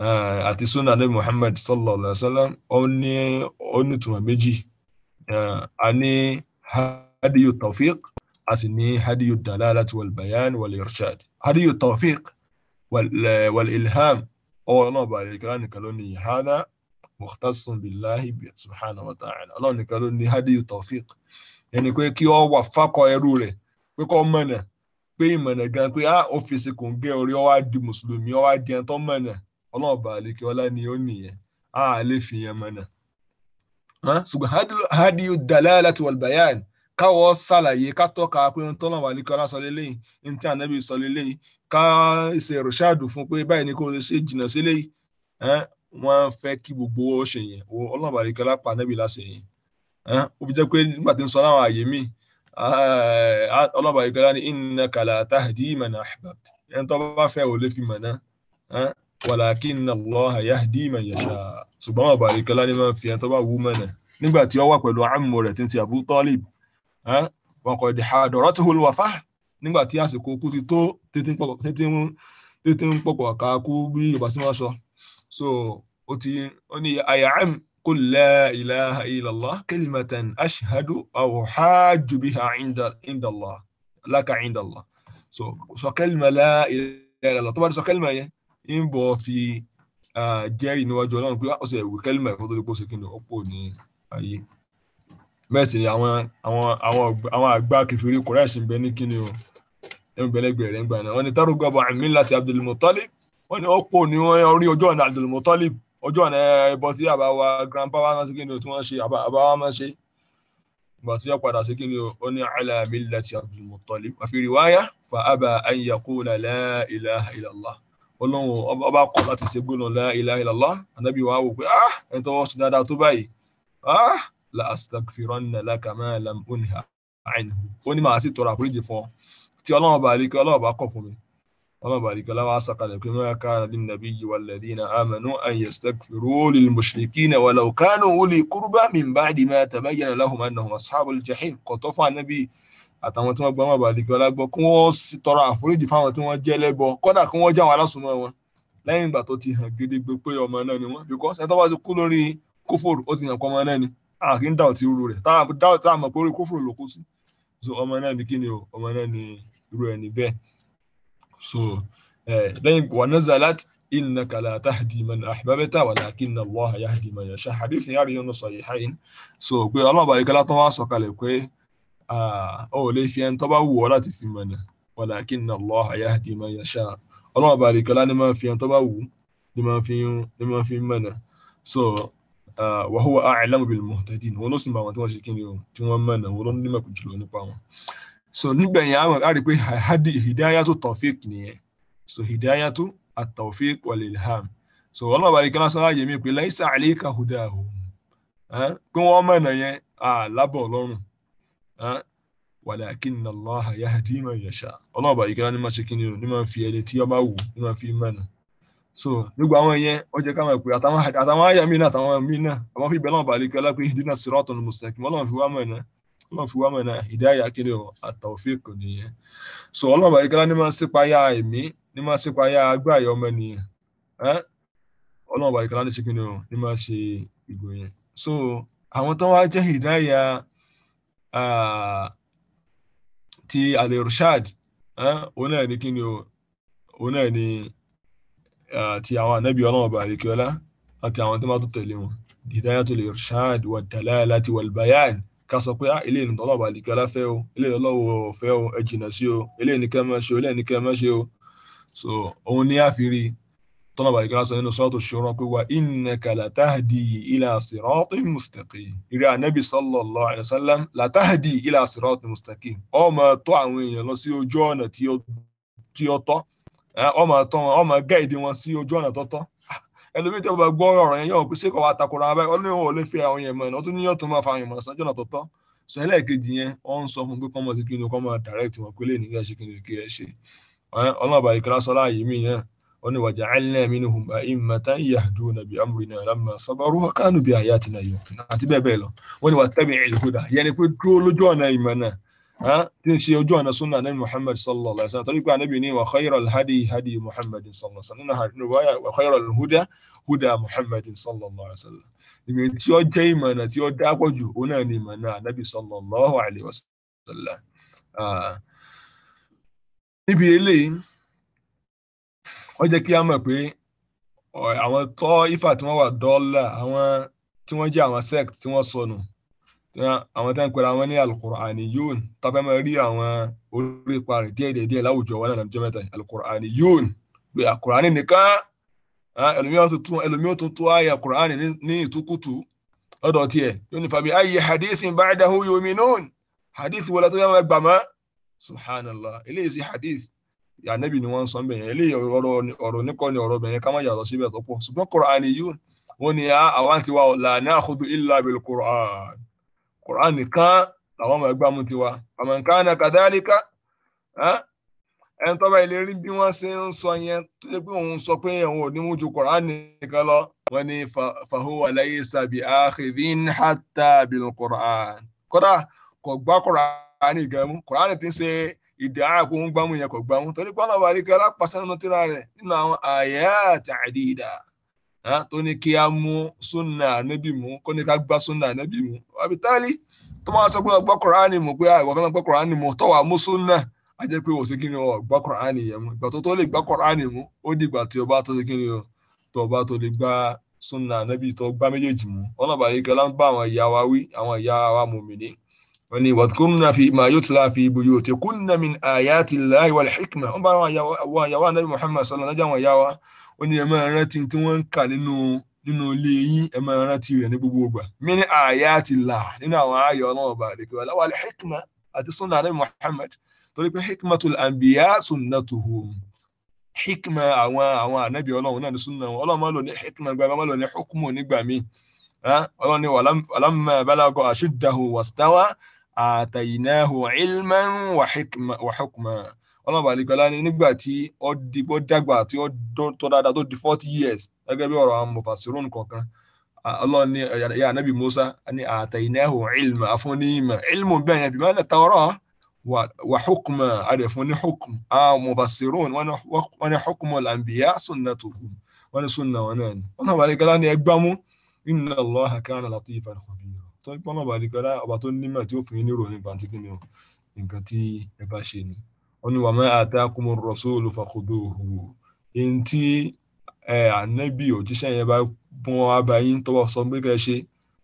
Eh, àti sunna anabi muhammad sallallahu alayhi wa sallam ó ní ó ní ìtumọ̀ méjì eh, a ní hadiyu tawfiq a sì ní hadiyu dalalati wal bayan wal irshad hadiyu tawfiq wal eh, ilham ọwọ́ náà bá rẹ̀ kíra nìkan ló hada mukhtasun billahi subhanahu wa ta'ala ọlọ́run nìkan ló hadiyu tawfiq ẹni pé kí ọ wà fakọ ẹrú rẹ̀ pé kọ́ mọ̀nà pé ìmọ̀nà gan pé ah, ó fèsì kò ń gẹ́ orí ó wá mùsùlùmí ó wá di ẹni mọ̀nà ọlọ́ọ̀bà àlekè ọlá ni ó nìyẹn a lè fi yẹn mọ́nà. ṣùgbọ́n hadiyu dalalati wal bayan káwọ́ ṣàlàyé ká tọ́ka pé ń tọ́lọ̀ wà àlekè ọlá sọ lélẹ́yìn ń tí ànábì sọ lélẹ́yìn ká ṣe ìrọ̀ṣàdù fún pé báyìí ni kò ṣe jìnnà sí lẹ́yìn wọ́n fẹ́ kí gbogbo ó ṣe yẹn ọlọ́ọ̀bà àlekè ọlá pa ànábì láṣẹ yẹn ó fi jẹ́ pé nígbà tí ń sọ láwọn àyè míì ọlọ́ọ̀bà àlekè ọlá ni innaka la tahdi man ahbabta ẹni tó bá fẹ́ ò lè fi mọ̀nà walakinna Allaha yahdi man yasha ṣùgbọ́n ọba àríkọlá ni máa ń fi ẹni tó bá wù mọ́nà nígbà tí ó wà pẹ̀lú àmú rẹ̀ tí ń ti Abu Talib wa qad hadaratuhu al-wafa nígbà tí àsìkò kú ti tó títí ń pọ̀pọ̀ ká kú bí yorùbá sí máa sọ so ó ti ó ní ayam qul la ilaha illallah kalimatan ashhadu aw hajju biha inda Allah laka inda Allah so sọ kalima la ilaha illallah tó bá ti sọ kalima yẹn ń bọ̀ fi jẹ́rìí níwájú ọlọ́run pé ọ̀sẹ̀ ìwé kẹ́lìmọ̀ ẹ̀kọ́ tó lè pọ̀ sí kìnìún ọ̀pọ̀ ní ayé bẹ́ẹ̀ sì ni àwọn àwọn àwọn àgbà kẹfìrí kùrẹ́ẹ̀sì ń bẹ ní kíni o ẹ̀mí bẹ̀lẹ́gbẹ̀ rẹ̀ ń gbà náà wọ́n ní tarugu abu amin láti Abdul Muttalib wọ́n ní ọ̀pọ̀ ni wọ́n rí ọjọ́ ọ̀nà Abdul Muttalib ọjọ́ ọ̀nà ẹbọ tí àbá wa grandpa wa sí kíni o tí wọ́n ọlọ́run ọba kọ̀ láti ṣe gbóná la ilaha illallah ànábì wa wò pé ah ẹni tó wọ́n ṣe dáadáa tó báyìí ah la astaghfiranna laka ma lam unha anhu ó ní màá sì tọrọ àforíjì fún ọ tí ọlọ́run bá rí kí ọlọ́run bá kọ̀ fún mi ọlọ́run bá rí kí ọlọ́run á sàkalẹ̀ pé ma kana linnabiyyi walladhina amanu an yastaghfiru lil mushrikina walau kanu uli qurba min ba'di ma tabayyana lahum annahum ashabul jahim àtàwọn tí wọ́n gbọ́ àwọn àbàlẹ̀ gbọ́lá gbọ́ kí wọ́n tọrọ àforíjì fáwọn tí wọ́n jẹ́ lẹ́bọ kódà kí wọ́n jẹ́ àwọn alásùnmọ́ wọn lẹ́yìn ìgbà tó ti hàn gédégbé pé ọmọ náà ni wọ́n because ẹni tó bá ti kú lórí kófòrò ó ti hàn kọ́ náà ni àkí ń dà ọtí rú rẹ̀ tá a mọ̀ pé orí kófòrò ló kú sí so ọmọ náà ni kí ni o ọmọ náà ni irú ẹni bẹ́ẹ̀ so lẹ́yìn wa nazalat إنك لا تهدي من أحببت ولكن الله يهدي من يشاء حديث ياري نصيحين سو so, الله بارك الله تواصل عليك ọ ah, ò lè fi ẹni tó bá wù ọ́ láti fi mọ̀nà walakinna Allaha yahdi man yasha ọlọ́run bá àdìkọ́lá ni máa ń fi ẹni tó wù ni máa ń fi mọ̀nà so ah, wa huwa a'lamu bil muhtadin wọn ló sì máa wọn tí wọ́n ṣe kíni o tí wọ́n mọ̀nà wọn ló ní mẹ́kù jùlọ nípa wọn so nígbẹ̀yìn àwọn àrí pé hidayatu tawfiq nìyẹn so hidayatu at-tawfiq wal ilham so ọlọ́run bá àdìkọ́lá sọ láàyè mi pé laysa alayka walakinna Allaha yahdi man yasha ọlọ́ọ̀bà yìí kíra ní máa ṣe kí ni o ní máa fi ẹni tí ọba wù ní máa fi mẹ́nà so nígbà àwọn yẹn ó jẹ́ káwọn ìpè àtàwọn àyà mí náà àtàwọn mí náà àwọn fi bẹ́lẹ̀ ọ̀bà lè kí ọlá pé ihdina siratal mustaqim ọlọ́run fi wá mẹ́nà ọlọ́run fi wá mẹ́nà hidaya kiri o at nìyẹn so ọlọ́ọ̀bà yìí kíra ní máa sípayá ẹ̀mí ní máa sípayá agbáyọ̀ ọmọ nìyẹn ọlọ́ọ̀bà yìí kíra ní ṣe kí ni o ṣe ìgò yẹn so àwọn tó wá jẹ́ hidaya Ah, ti alirshad eh, òun náà ni kí ni o òun náà ni ah, ti àwọn ànábì ọlọ́wọ́ bá àríkíọ́lá àti àwọn tó máa tó tẹ̀lé wọn hidayatul irshad wà dalalati wal bayan ká sọ pé ilé ah, ìnìtọ́ ọlọ́wọ́ bá àríkíọ́lá fẹ́ o ilé ìlọ́wọ́ fẹ́ o ẹ jìnnà sí o ilé ìnìkẹ́ mọ́ ṣe o ilé ìnìkẹ́ mọ́ ṣe o so òun ni àfi tọ́lá bàlẹ̀ kíláàsì nínú sọ́ọ̀tù ṣòro pé wà innaka látàdì ila siratin mustaqim ìrẹ́ ànábì sallallahu alaihi wasallam látàdì ila siratin mustaqim ó máa tọ́ àwọn èèyàn lọ sí ojú ọ̀nà tí ó tọ́ ó máa tọ́ wọn ó máa ẹlòmíì tó bá gbọ́ ọ̀rọ̀ yẹn yóò pín sí kọ́wá takora abẹ́ ọlọ́run ò lè fi àwọn yẹn mọ̀ ẹ̀ ọtún ní yóò tún máa fa àwọn yẹn mọ̀ sọ́jọ́ sọ ẹlẹ́ẹ̀kejì yẹn ó ń sọ fún pé kọ́mọ ti kí ni kọ́mọ direct wọn pé lè ní kí ẹ ṣe kí ni kí ẹ ṣe ọlọ́run àbàlẹ̀ kíláàsì ọlá mí yẹn wani waja'alna minhum a'immatan yahduna bi amrina lamma sabaru wa kanu bi ayatina yuqin àti bẹ́ẹ̀ bẹ́ẹ̀ lọ wani wattabi'il huda yani pé dúró lójú ọ̀nà ìmọ̀ náà ha tí ń ṣe sunna anabi muhammad sallallahu alaihi wasallam torí pé anabi wa khayral hadi hadi muhammad sallallahu alaihi wasallam nínú riwaya wa khayral huda huda muhammad sallallahu alaihi wasallam ìgbẹ́ tí ó jẹ́ ìmọ̀ náà tí ó dápọ̀ jù ó náà ní sallallahu alaihi wasallam ah. níbi eléyìí wọ́n jẹ́ kí a mọ̀ pé àwọn tọ́ ifá tí wọ́n wà dọ́là àwọn tí wọ́n jẹ́ àwọn sect tí wọ́n sọnù àwọn tí wọ́n ń pera wọn ní alukur'aniyun tàbí máa rí àwọn orí ipa rẹ̀ díẹ̀ díẹ̀ láwùjọ wọn náà lọ́jọ́ mẹ́ta alukur'aniyun pé alukur'ani nìkan ẹlòmíọ́ tuntun ayé alukur'ani ní ìtukùtù lọ́dọ̀ tiẹ̀ yóò ní fàbí ayé hadithin ba'dahu yu'minun hadith wọlé tó yẹ ànábì ni wọ́n ń sọ bẹ́ẹ̀ eléyìí ọ̀rọ̀ nìkan ni ọ̀rọ̀ bẹ̀yẹn ká má yàtọ̀ síbẹ̀ tó pọ̀ ṣùgbọ́n Qur'aniyun wọ́n ní àwọn tiwa la na'khudhu illa bil Qur'an Qur'an nìkan làwọn ọmọ ẹgbẹ́ amú tiwa faman kana kadhalika ẹni tó bá ilé rí bí wọ́n ṣe ń sọ yẹn tó jẹ́ pé òun sọ pé òun ò ní mú ju Qur'an nìkan lọ wọ́n ní fahuwa laysa bi akhidhin hatta Qur'an kódà kò gbá Qur'an nìkan mú Qur'an ti ṣe ìdá àpò ń gbámú yẹn kò gbámú torí pé ọlọ́ba àríkẹ́ alápàṣẹ nínú tíra rẹ̀ nínú àwọn ayat adida tó ní kí a mú sunna níbí mú kó ní ká gbá sunna níbí mú àbítálí tó máa sọ pé ọgbọ́ kùránì mú pé àìwọ́ fẹ́ràn gbọ́ kùránì mú tó wà mú sunna á jẹ́ pé òsì kí ni ọ gbọ́ kùránì yẹn mú ìgbà tó tó lè gbọ́ kùránì mú ó dìgbà tí ọba tó lè kí ni ọ tó ọba tó lè gbá sunna níbí tó gbá méjèèjì mú ọlọ́ba àríkẹ́ ọlá ń bá àwọn ìyá wa wí àwọn ìyá wa mùmínì wọ́n ní wadhkurna fi ma yutla fi buyutikunna min ayati Allahi wal hikma wọ́n bá wọn àyàwó anabi Muhammad sallallahu alaihi wa yàwá wọ́n ní ẹ máa rántí tí wọ́n ń kà nínú nínú ilé yín ẹ máa rántí rẹ̀ ní gbogbo ìgbà min ayati Allahi nínú àwọn ayọ̀ ọlọ́run ọba àdìgbò wal hikma àti sunna anabi Muhammad torí pé hikma àwọn àwọn anabi ọlọ́run náà ní sunna hikma gbà máa àtàyínáhù ilman wa hukma ọlọ́run àlekọ́lá ni nígbà tí ó dìgbọ́ dàgbà tí ó tọ́ dáadáa tó di forty years gẹ́gẹ́ bí ọ̀rọ̀ àwọn mufasirun kọ̀ọ̀kan ọlọ́run ní ẹ̀yà anabi musa ní àtàyínáhù ilma afúnníìmà ilmu bẹ́ẹ̀ yẹn bí wọ́n lè ta ọ̀rọ̀ wa hukma àdẹ̀fún àwọn mufasirun wọ́n ní hukmul anbiya tó ń pọ́nà bàdìkọ́lá ọba tó nímọ̀ tí ó fún yín ní ìròyìn nípa tí kìnìún nǹkan tí ẹ bá ṣe ni wọ́n ní wa ma atakumu rasulu fakhuduhu èyí tí ànábì òjíṣẹ́ yẹn bá bọ́n wá bá yín tọ́wọ́ sọ pé kẹ́ ṣe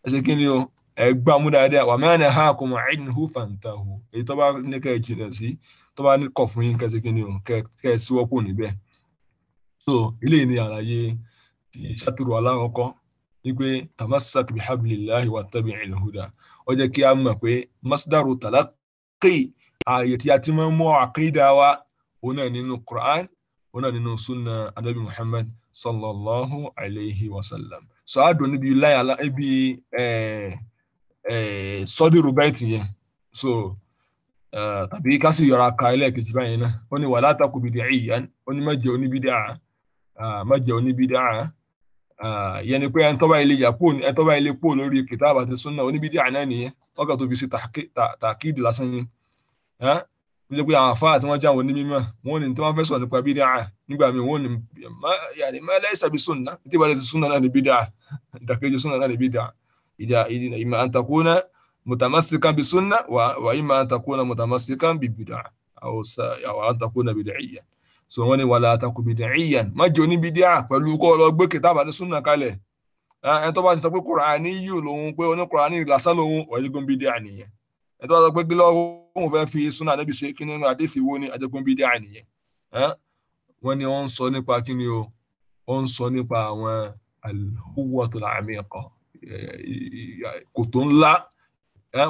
ẹ ṣe kí ni o ẹ gbà mú dáadáa wa ma nahakum anhu fantahu èyí tó bá ní kẹ́ jìnà sí tó bá kọ̀ fún yín kẹ́ ṣe kí ni o kẹ́ ẹ síwọ́pọ̀ níbẹ̀ so ilé ni àlàyé ti ṣàtúrò aláwọ̀kọ́ wípé tamasak bihablillahi wa tabi'il huda ó jẹ́ kí a mọ̀ pé masdaru talaqi ààyè tí a ti máa ń mọ àkídà wa òun náà nínú Qur'an òun náà nínú sunna anabi Muhammad sallallahu alayhi wa sallam so a dùn níbi láyà ibi sọ́dí rúbẹ́ẹ̀tì yẹn so tàbí ká sì yọra ka ẹlẹ́ẹ̀kejì báyìí náà ó ní wala taku bid'iyan ó ní má jẹ́ oníbídà má jẹ́ oníbídà. Ah, yẹn ni pé ẹni tó bá ilé yàpò ẹni tó bá ilé pò lórí kìtàbà àti súnà oníbídí àná nìyẹn wọn kà tó fi tàkìdì lásán ni ó jẹ́ pé àwọn àfáà tí wọ́n já wọn ní mímọ́ wọn ní tí wọ́n fẹ́ sọ̀rọ̀ nípa bídí àá nígbà míì wọn ní yàrá má lẹ́sà bí súnà tí ìbára ti súnà náà ní bídí àá ìdàkejì súnà náà ní bídí àá ìmọ̀ àǹtakùnà mùtàmásíkan bí súnà wà ìmọ̀ àǹtakùnà mùtàmásíkan bí bídí àá àwọn àǹtakùnà bídí àá so wọ́n ní wàlá àtàkùnbìdì ìyàn má jẹ́ oníbídíà pẹ̀lú kó lọ gbé kìtàbà ní súnà kalẹ̀ ẹ tó bá ti sọ pé kùránì yìí lòun pé oníkùránì lásán lòun ọ̀yẹ́gùn bídíà nìyẹn ẹ tó bá sọ pé kí òun fẹ́ fi súnà níbi ṣe kí nínú àdéfì wo ni àjẹgùn bídíà nìyẹn wọ́n ní wọ́n ń sọ nípa kí ni o wọ́n sọ nípa àwọn alhuwatul amiqa kòtò ńlá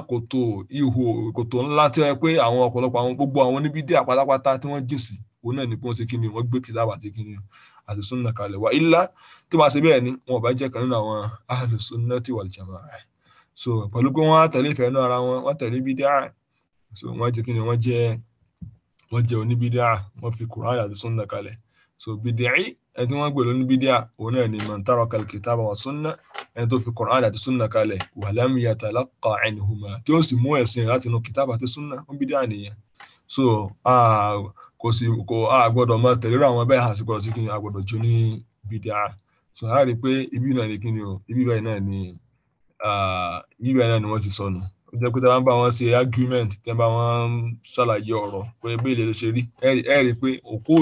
kòtò ihò kòtò ńlá tí wọ́n pé àwọn ọ̀pọ̀lọpọ̀ àwọn gbogbo àwọn oníbídíà pátápátá tí wọ́n jìn sí òun náà ni pé wọ́n ṣe kíni wọ́n gbé tìláwà àti kíni àti súnà kalẹ̀ wá ilá tó bá ṣe bẹ́ẹ̀ ni wọn ò bá jẹ́ kan nínú àwọn ahlu sunnati wal jamaa'ah so pẹ̀lú pé wọ́n tẹ̀lé ìfẹ́ inú ara wọn wọ́n tẹ̀lé bídíà so wọ́n jẹ́ kíni wọ́n jẹ́ wọ́n jẹ́ oníbídíà wọ́n fi Kùránì àti súnà kalẹ̀ so bídíà ẹni tí wọ́n gbé lóní bídíà òun náà ni man taraka al-kitaba wa súnà ẹni tó fi Kùránì àti súnà kalẹ̀ wa lam yatalaqqa anhuma tí ó kò sì kò a gbọ́dọ̀ máa tẹ̀lé ra àwọn bẹ́ẹ̀ àsìkò sí kíni a gbọ́dọ̀ jó ní bídà so a rí i pé ibi náà ni kíni o ibi báyìí náà ni ibi báyìí náà ni wọ́n ti sọnù ó jẹ́ pé tí wọ́n bá wọn ṣe argument tí wọ́n bá wọn ṣàlàyé ọ̀rọ̀ pé bẹ́ẹ̀ lè ṣe rí ẹ rí i pé òkú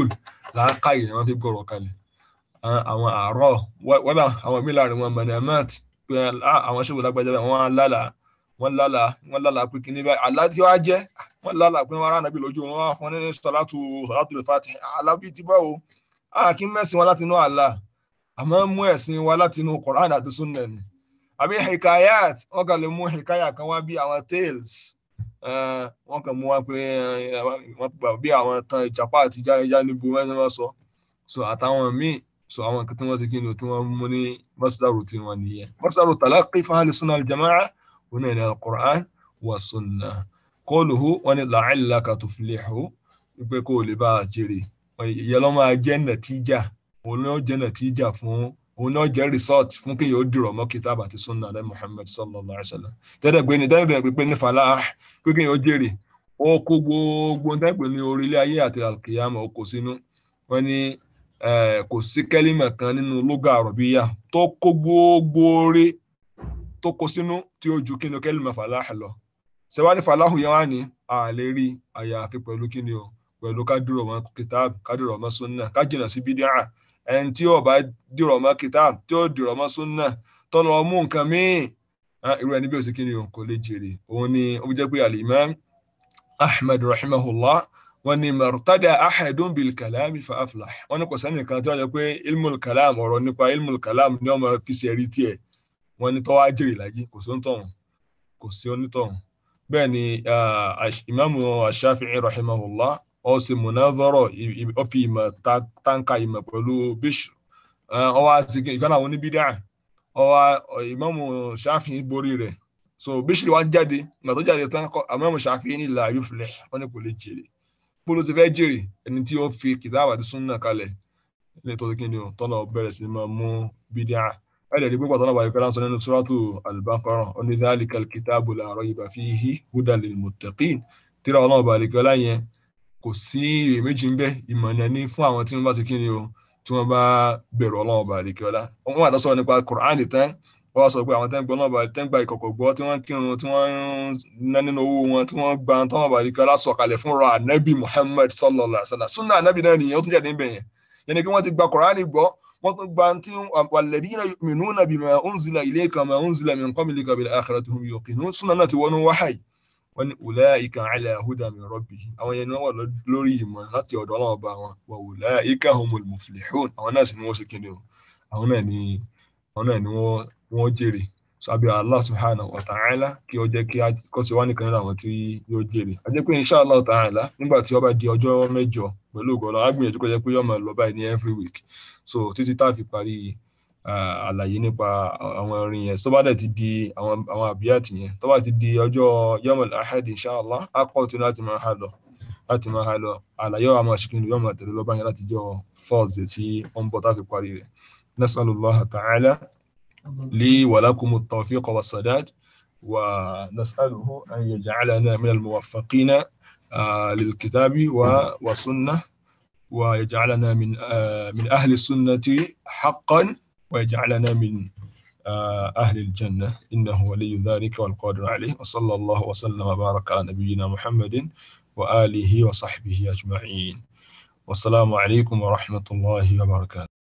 làákàyè ni wọ́n fi gbọ̀rọ̀ kalẹ̀ àwọn àárọ̀ wọ́n àwọn mílíọ̀nù wọn mọ̀ ní amat pé àwọn ṣèwọ̀n lágbájá wọn á lálàá wọ́n lálàá wọ́n lálàá pé kíní báyìí àlá tí wàá jẹ́ wọ́n lálàá pé wọ́n rà nàbí lójú wọn wá fún ní sọ̀látù sọ̀látù lè fàtì àlá bíi ti báwo àkí mẹ́sìn wa látinú àlá àmọ́ mú ẹ̀sìn wa látinú Quran àti sunnah ni àbí hikayat wọ́n kàn lè mú hikaya kan wá bí àwọn tales wọ́n kàn mú wá pé bí àwọn tan ìjàpá àti ìjà níbo mẹ́sìn wọn sọ so àtàwọn míì so àwọn nǹkan tí wọ́n ti kí ni o tí wọ́n mú ní masdaru tí wọ́n nìyẹn masdaru talaqi fahal sunnah al-jama'a òun náà ní alukur'an wa sunna kọluhu wọn ni la'allaka tuflihu wípé kó o lè bá a jèrè ìyẹn ló máa jẹ́ nàtíjà òun náà jẹ́ nàtíjà fún òun náà jẹ́ resort fún kí yóò dìrọ̀ mọ́ kitab àti sunna alẹ́ muhammed sallallahu alayhi wa sallam tẹ́lẹ̀ gbé ni tẹ́lẹ̀ gbé pé ní falah pé kí yóò jèrè ó kó gbogbo tẹ́lẹ̀ gbé ní orílẹ̀ ayé àti alkiyama ó kó sínú wọ́n ní kò sí kẹ́límà kan nínú lóga àrọ̀bíyà tó kó gbogbo orí tó kó sínú tí ó ju kíni kẹ́lìmọ̀ fàlàhù lọ ṣẹ̀wá ní fàlàhù yẹn wá ní a lè rí àyàfi pẹ̀lú kíni o pẹ̀lú kádìrọ̀ mọ́ kìtáàbù kádìrọ̀ mọ́ súnà kájìnà sí bídíà ẹni tí ó bá dìrọ̀ mọ́ kìtáàbù tí ó dìrọ̀ mọ́ súnà tọ́lọ mú nǹkan míì irú ẹni bí ó sì kíni o kò lè jèrè òun ni ó jẹ́ pé al-Imam rahimahullah wọ́n ní mọ̀rọ̀tàdà ahadun bil kalam fa aflah wọ́n ní kò sẹ́nìkan tí wọ́n jẹ́ pé ilmul kalam ọ̀rọ̀ nípa ilmul kalam ni wọ́n máa fi ṣẹ̀rí tiẹ̀ wọ́n ní tọ́wá jèrè láyé kò sí onítọ̀hún kò sí onítọ̀hún bẹ́ẹ̀ ni ìmáàmù Ash-Shafi'i rahimahullah ó sì munadhara ó fi ìmọ̀ táǹkà ìmọ̀ pẹ̀lú Bishr ó wá sí àwọn oníbídà ó wá ìmáàmù borí rẹ̀ so Bishr wá jáde ìgbà tó jáde tán ìmáàmù Shafi'i ní la yuflih ó ní kò lè jèrè bólú ti fẹ́ jèrè ẹni tí ó fi kìtàbà àti súnà kalẹ̀ nítorí kí ni tọ́lọ̀ bẹ̀rẹ̀ sí máa mú bídà ẹ̀rẹ̀ rí pípọ̀ tọ́lá wàyíkọ́ láǹsọ nínú suratu al-Baqarah oní dhalika al-kitabu la rayba fihi hudan lil-muttaqin tíra ọlọ́run bàlíkọ́ láyẹn kò sí iyèméjì ń bẹ ìmọ̀nà ní fún àwọn tí wọ́n bá ti kí ni o tí wọ́n bá bẹ̀rù ọlọ́run bàlíkọ́ lá wọ́n àdásọ nípa Kùránì tán wọ́n sọ pé àwọn tẹ́ǹgbọ́n náà bàlí tẹ́ǹgbà ìkọ̀kọ̀ gbọ́ tí wọ́n kírun tí wọ́n ń ná nínú owó wọn tí wọ́n gba tọ́wọ́n bàlíkọ́ lá sọ̀kalẹ̀ fún ra anabi Muhammad sallallahu alaihi wasallam sunna anabi náà nìyẹn ó tún jáde wọ́n tún gba tí walladhina yu'minuna bima unzila ilayka ma unzila min qablika bil akhirati hum yuqinun súnà náà ti wọnú wáhàyí wọ́n ní ulaika ala huda min rabbihim àwọn yẹn ni wọ́n wà lórí ìmọ̀ láti ọ̀dọ̀ Ọlọ́run ọba wọn wa ulaika humul muflihun àwọn náà sì ni wọ́n ṣe kéde o àwọn náà ni àwọn náà ni wọ́n jèrè sábẹ́ Allah subhanahu wa ta'ala kí ó jẹ́ kí a kọ́ sí wá nìkan nínú àwọn tí yóò jèrè a jẹ́ pé insha Allah ta'ala nígbà tí ó bá di ọjọ́ mẹ́jọ pẹ̀lú ògbọ́n lọ́wọ́ á gbìyànjú kó jẹ́ pé yóò máa lọ báyìí ní every week so títí tá a fi parí àlàyé nípa àwọn orin yẹn tó bá dẹ̀ ti di àwọn àwọn àbíyàtì yẹn tó bá ti di ọjọ́ yọmọl ahad inshàlá á kọ́ tí láti máa hà lọ láti máa hà lọ àlàyé wa máa ṣìkìlì yọmọ àtẹ̀lé lọ́ba yẹn láti jọ thursday tí ó ń tá a fi parí rẹ̀ nasalullah ta'ala li walakum tawfiq wa sadad ونسأله أن يجعلنا من الموفقين للكتاب والسنة ويجعلنا من آه، من أهل السنة حقا ويجعلنا من آه، أهل الجنة إنه ولي ذلك والقادر عليه وصلى الله وسلم وبارك على نبينا محمد وآله وصحبه أجمعين والسلام عليكم ورحمة الله وبركاته